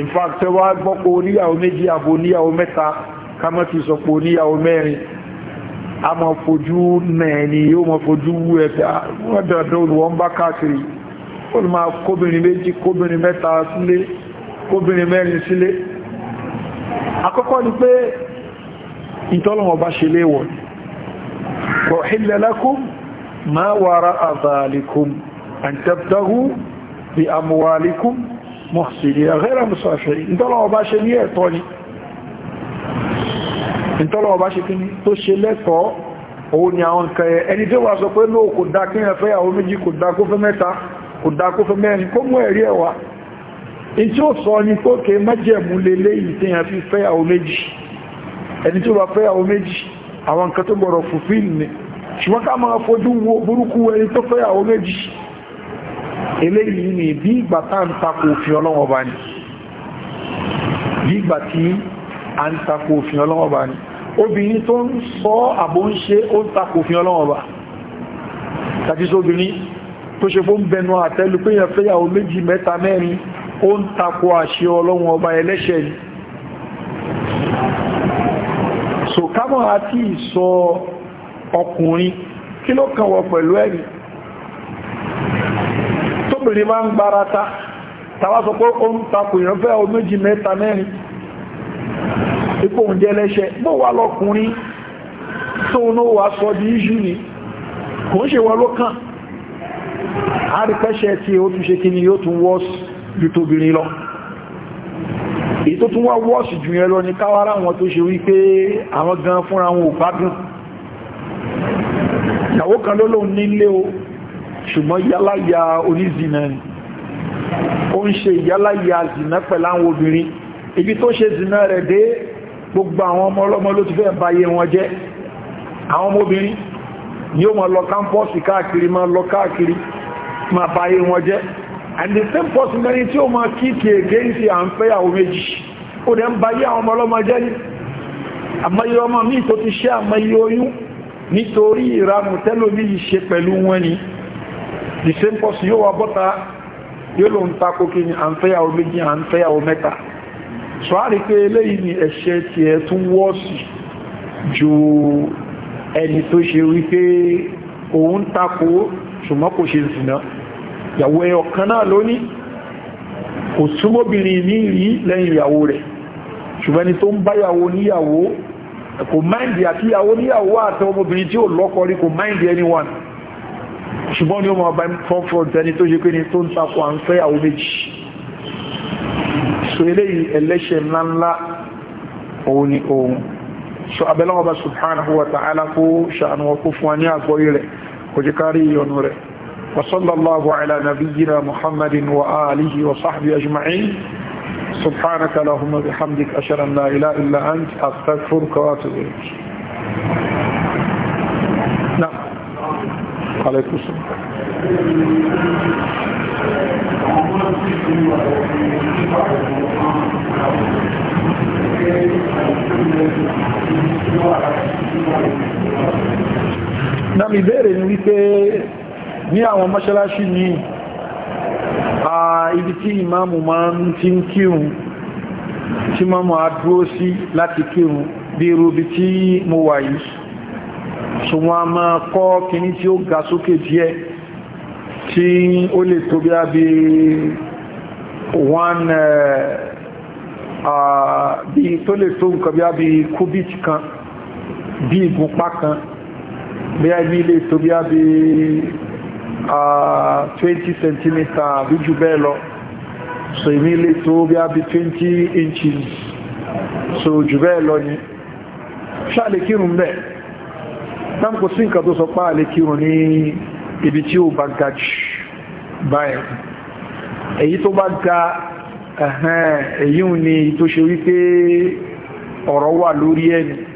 in fact ẹ wá gbọ́pọ̀ níyàwó méjì àbò níyàwó mẹ́ta ká mọ́ fi sọ pé oníyàwó mẹ́rin a mọ̀ fojú nẹ̀ẹ̀ni yóò mọ̀ fojú wú ẹ̀fẹ́ ah, wọ́n dandan olùwọ́n bá káàkiri ó lè máa kóbìnrin méjì kóbìnrin mẹ́ta sílé kóbìnrin mẹ́rin sílé àkọ́kọ́ ni pé ìtọ́lọ̀wọ̀n bá ṣe léwọ̀ ni kò ma wara àzàlìkùn an tabtahu bi amwalikum muhsinin ghayra musafirin ìtọ́lọ̀wọ̀n bá ṣe ní ẹ̀tọ́ ni ìtọ́lọ̀wọ̀ bá ṣe kí ní tó ṣe lẹ́tọ̀ọ́ òun ni àwọn nǹkan ẹ̀ ẹni tí ó wà sọ pé lóò kò dá kí ẹ̀fẹ́ àwọn méjì kò dá kó fẹ́ mẹ́ta kò dá kó fẹ́ mẹ́rin kó mú ẹ̀rí ẹ̀wà in tí ó sọ ní kó ké májẹ̀mú lélẹ́ ni ṣùgbọ́n ká máa fojú wo burúkú bí ìgbà tí à ń takò òfin ọlọ́wọ́ bá ní obìnrin tó ń sọ àbò ń ṣe ó ń takò òfin ọlọ́wọ́ bá tàbí sí obìnrin tó ṣe fún bẹnu àtẹ́lù pé yẹn fẹ́yàwó méjì mẹ́ta mẹ́rin ó ń takò àṣẹ ọlọ́wọ́ ọba ẹlẹ́ṣẹ̀ ni so kámọ́ àti ìsọ ọkùnrin kí ló kàn wọ pẹ̀lú ẹ̀rí tóbìnrin máa ń gbárata tàbá sọ pé ó ń takò ìrànfẹ́ pé kóhun jẹ́ lẹ́ṣẹ̀ bó wà lọ́kùnrin tó ń ó wà sọ di iṣu ni kò ń ṣe wọ́n ló kàn á rí pẹ́ṣẹ̀ tí ó tún ṣe kíni yóò tún wọ́ọ̀sì ju tóbìnrin lọ èyí tó tún wá wọ́ọ̀sì jù yẹn lọ ní káwárá wọn tó ṣe wípé àwọn gan fúnra wọn ò gbádùn ìyàwó kan ló lóun nílé o ṣùgbọ́n yálàyà onízìnà ni ó ń ṣe ìyálàyà zìnà pẹ̀láwọn obìnrin ibi tó ṣe zìnà rẹ̀ dé gbogbo àwọn ọmọ ọlọ́mọ ló ti fẹ́ báyé wọn jẹ́ àwọn ọmọbìnrin yóò máa lọ kámpọ́ọ̀sì káàkiri máa lọ káàkiri máa báyé wọn jẹ́ and the same person mẹ́rin tí ó máa kíkì ègéǹsì à ń fẹ́ àwọn méjì ó dẹ̀ ń báyé àwọn ọmọ ọlọ́mọ jẹ́ ní àmọ́yé ọmọ míì tó ti so a rí pé eléyìí ni ẹ̀ṣẹ̀ tí ẹ tún wọ́ọ̀sì ju ẹni tó ṣe wípé òun takò ṣùgbọ́n kò ṣe zìnà ìyàwó ẹyọ kan náà lónìí kò súnmọ́bìnrin ní rí lẹ́yìn ìyàwó rẹ̀ ṣùgbọ́n ẹni tó ń báyàwó níyàwó kò máìndì àti ìyàwó níyàwó àti ọmọbìnrin tí ó lọ́kọ rí kò máìndì anyone ṣùgbọ́n ni ó mọ̀ bá fọ́nfọ́n tẹni tó ṣe pé ni tó ń takò à ń fẹ́yàwó méjì so eléyìí ẹlẹ́ṣẹ̀ ńláńlá òun ni òun so abẹ́lọ́wọ́ba subhanahu wa ta'ala kó ṣàánú ọkú fún wa ní àgbọ́yí rẹ̀ kò jẹ́ kárí ìyọnu rẹ̀ وصلى الله على نبينا محمد وآله وصحبه أجمعين سبحانك اللهم بحمدك أشهد أن لا إله إلا أنت أستغفرك وأتوب إليك نعم عليكم السلام ìbéèrè ni wípé ní àwọn mọ́ṣálásí ní ibi tí ìmáàmù máa ń ti ń kírun tí máa máa dúró sí láti kírun bí irú tí mo wà yìí ṣùgbọ́n a máa kọ́ kíní tí ó ga sókè díẹ̀ tí ó lè tó bí one eh, bí tó lè tó nǹkan bí abẹ́ kúbìtì kan bí ìgúnpá kan bóyá ibi ilé tó bí ábí 20 cm àbí jù bẹ́ẹ̀ lọ so ibi ilé tó bí ábí 20 inches so jù bẹ́ẹ̀ lọ ni ṣáàlè kírùn bẹ́ẹ̀ tán kò sí nǹkan tó sọ páà lè kírùn ní ibi tí ó bá ga jù báyìí èyí tó bá ga èyí ni tó ṣe wípé ọ̀rọ̀ wà lórí ẹni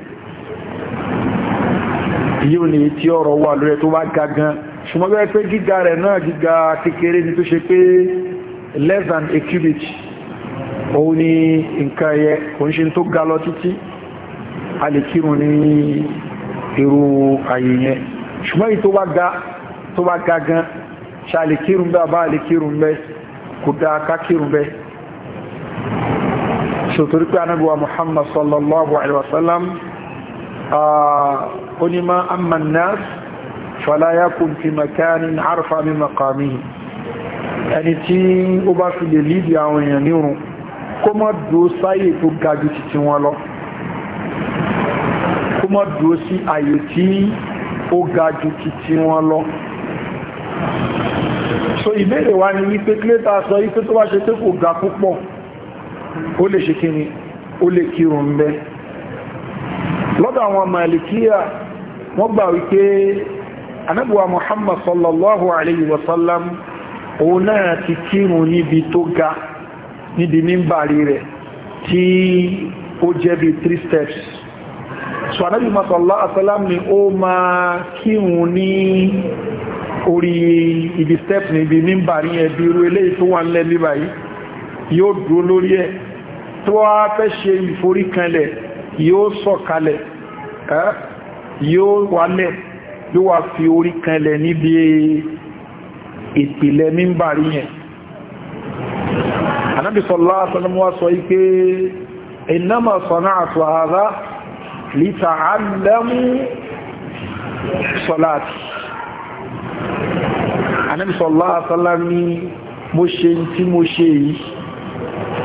yíò ní tí ọ̀rọ̀ wà lórí tó bá ga gan ṣùgbọ́n bẹ́ẹ̀ pé gíga rẹ̀ náà gíga kékeré ni tó ṣe pé less than a cubic. òun ni nǹkan ẹyẹ òun ṣe tó ga lọ títí a lè kírun ní irú àyè yẹn ṣùgbọ́n yìí tó bá ga tó bá ga gan ṣe a lè kírun bẹ́ẹ̀ bá a lè kírun bẹ́ẹ̀ kò dáa ká kírun bẹ́ẹ̀ ṣòtòrí pé anábíwá Muhammad sallallahu alaihi wasallam onímọ̀ ammannas falayakun fi makanin arfa min makamihi ẹni tí ó bá fi lè lídì àwọn èèyàn nírun kó mọ́ dúó sáyè tó ga jù ti ti wọn lọ kó mọ́ dúó sí àyè tí ó ga jù ti ti wọn lọ so ìbéèrè wa ni wípé kílétà sọ wípé tó bá ṣe pé kò ga púpọ̀ ó lè ṣe kí ó lè kírun bẹ́ẹ̀ lọ́dọ̀ àwọn malikiya wọ́n gbà wípé anábùwà muhammad sallallahu alayhi wa sallam òun náà ti kírun níbi tó ga níbi mímbàrí rẹ̀ tí ó jẹ́ bí three steps so anábì masallá asalam ni ó máa kírun ní orí ibi step níbi mímbàrí ẹbí irú eléyìí tó wà nílẹ̀ níbà yìí yóò dúró lórí ẹ̀ tó wá fẹ́ ṣe ìforíkanlẹ̀ yóò sọ̀kalẹ̀ yóò wálẹ̀ ló wà fi orí kanlẹ̀ níbi ìpìlẹ̀ mímbàrí yẹn anábi sọ́lá sọ́lọ́mọ́wá sọ ipé ìnáma sọ́nà àtò àárá lítà alẹ́mú sọ́láàtì anábi sọ́lá sọ́lá ní mo ṣe tí mo ṣe yìí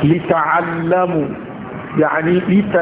lítà alẹ́mú yàní lítà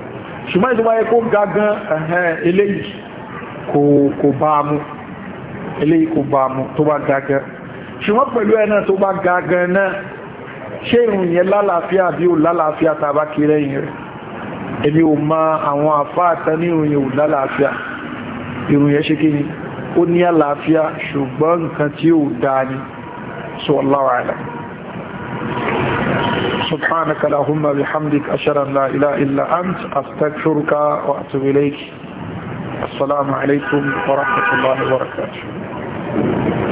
ṣùgbọ́n ìjọba ẹkọ́ gagan ẹ̀hẹ́n eléyìí kò bá mú eléyìí kò bá mú tó bá gagan ṣùgbọ́n pẹ̀lú ẹ̀nà tó bá gagan náà ṣé ìrùn yẹn lálàáfíà bí ó lálàáfíà tàbá kiri ẹ̀yìn rẹ̀ èmi ò ma àwọn àfáàtà ní ìrùn yẹn ò lálàáfíà ìrùn yẹn ṣe kí ó ní àlàáfíà ṣùgbọ́n nǹkan tí ó dáa ni sọ Allahu a'lam سبحانك اللهم بحمدك أشهد أن لا إله إلا أنت أستغفرك وأتوب إليك السلام عليكم ورحمة الله وبركاته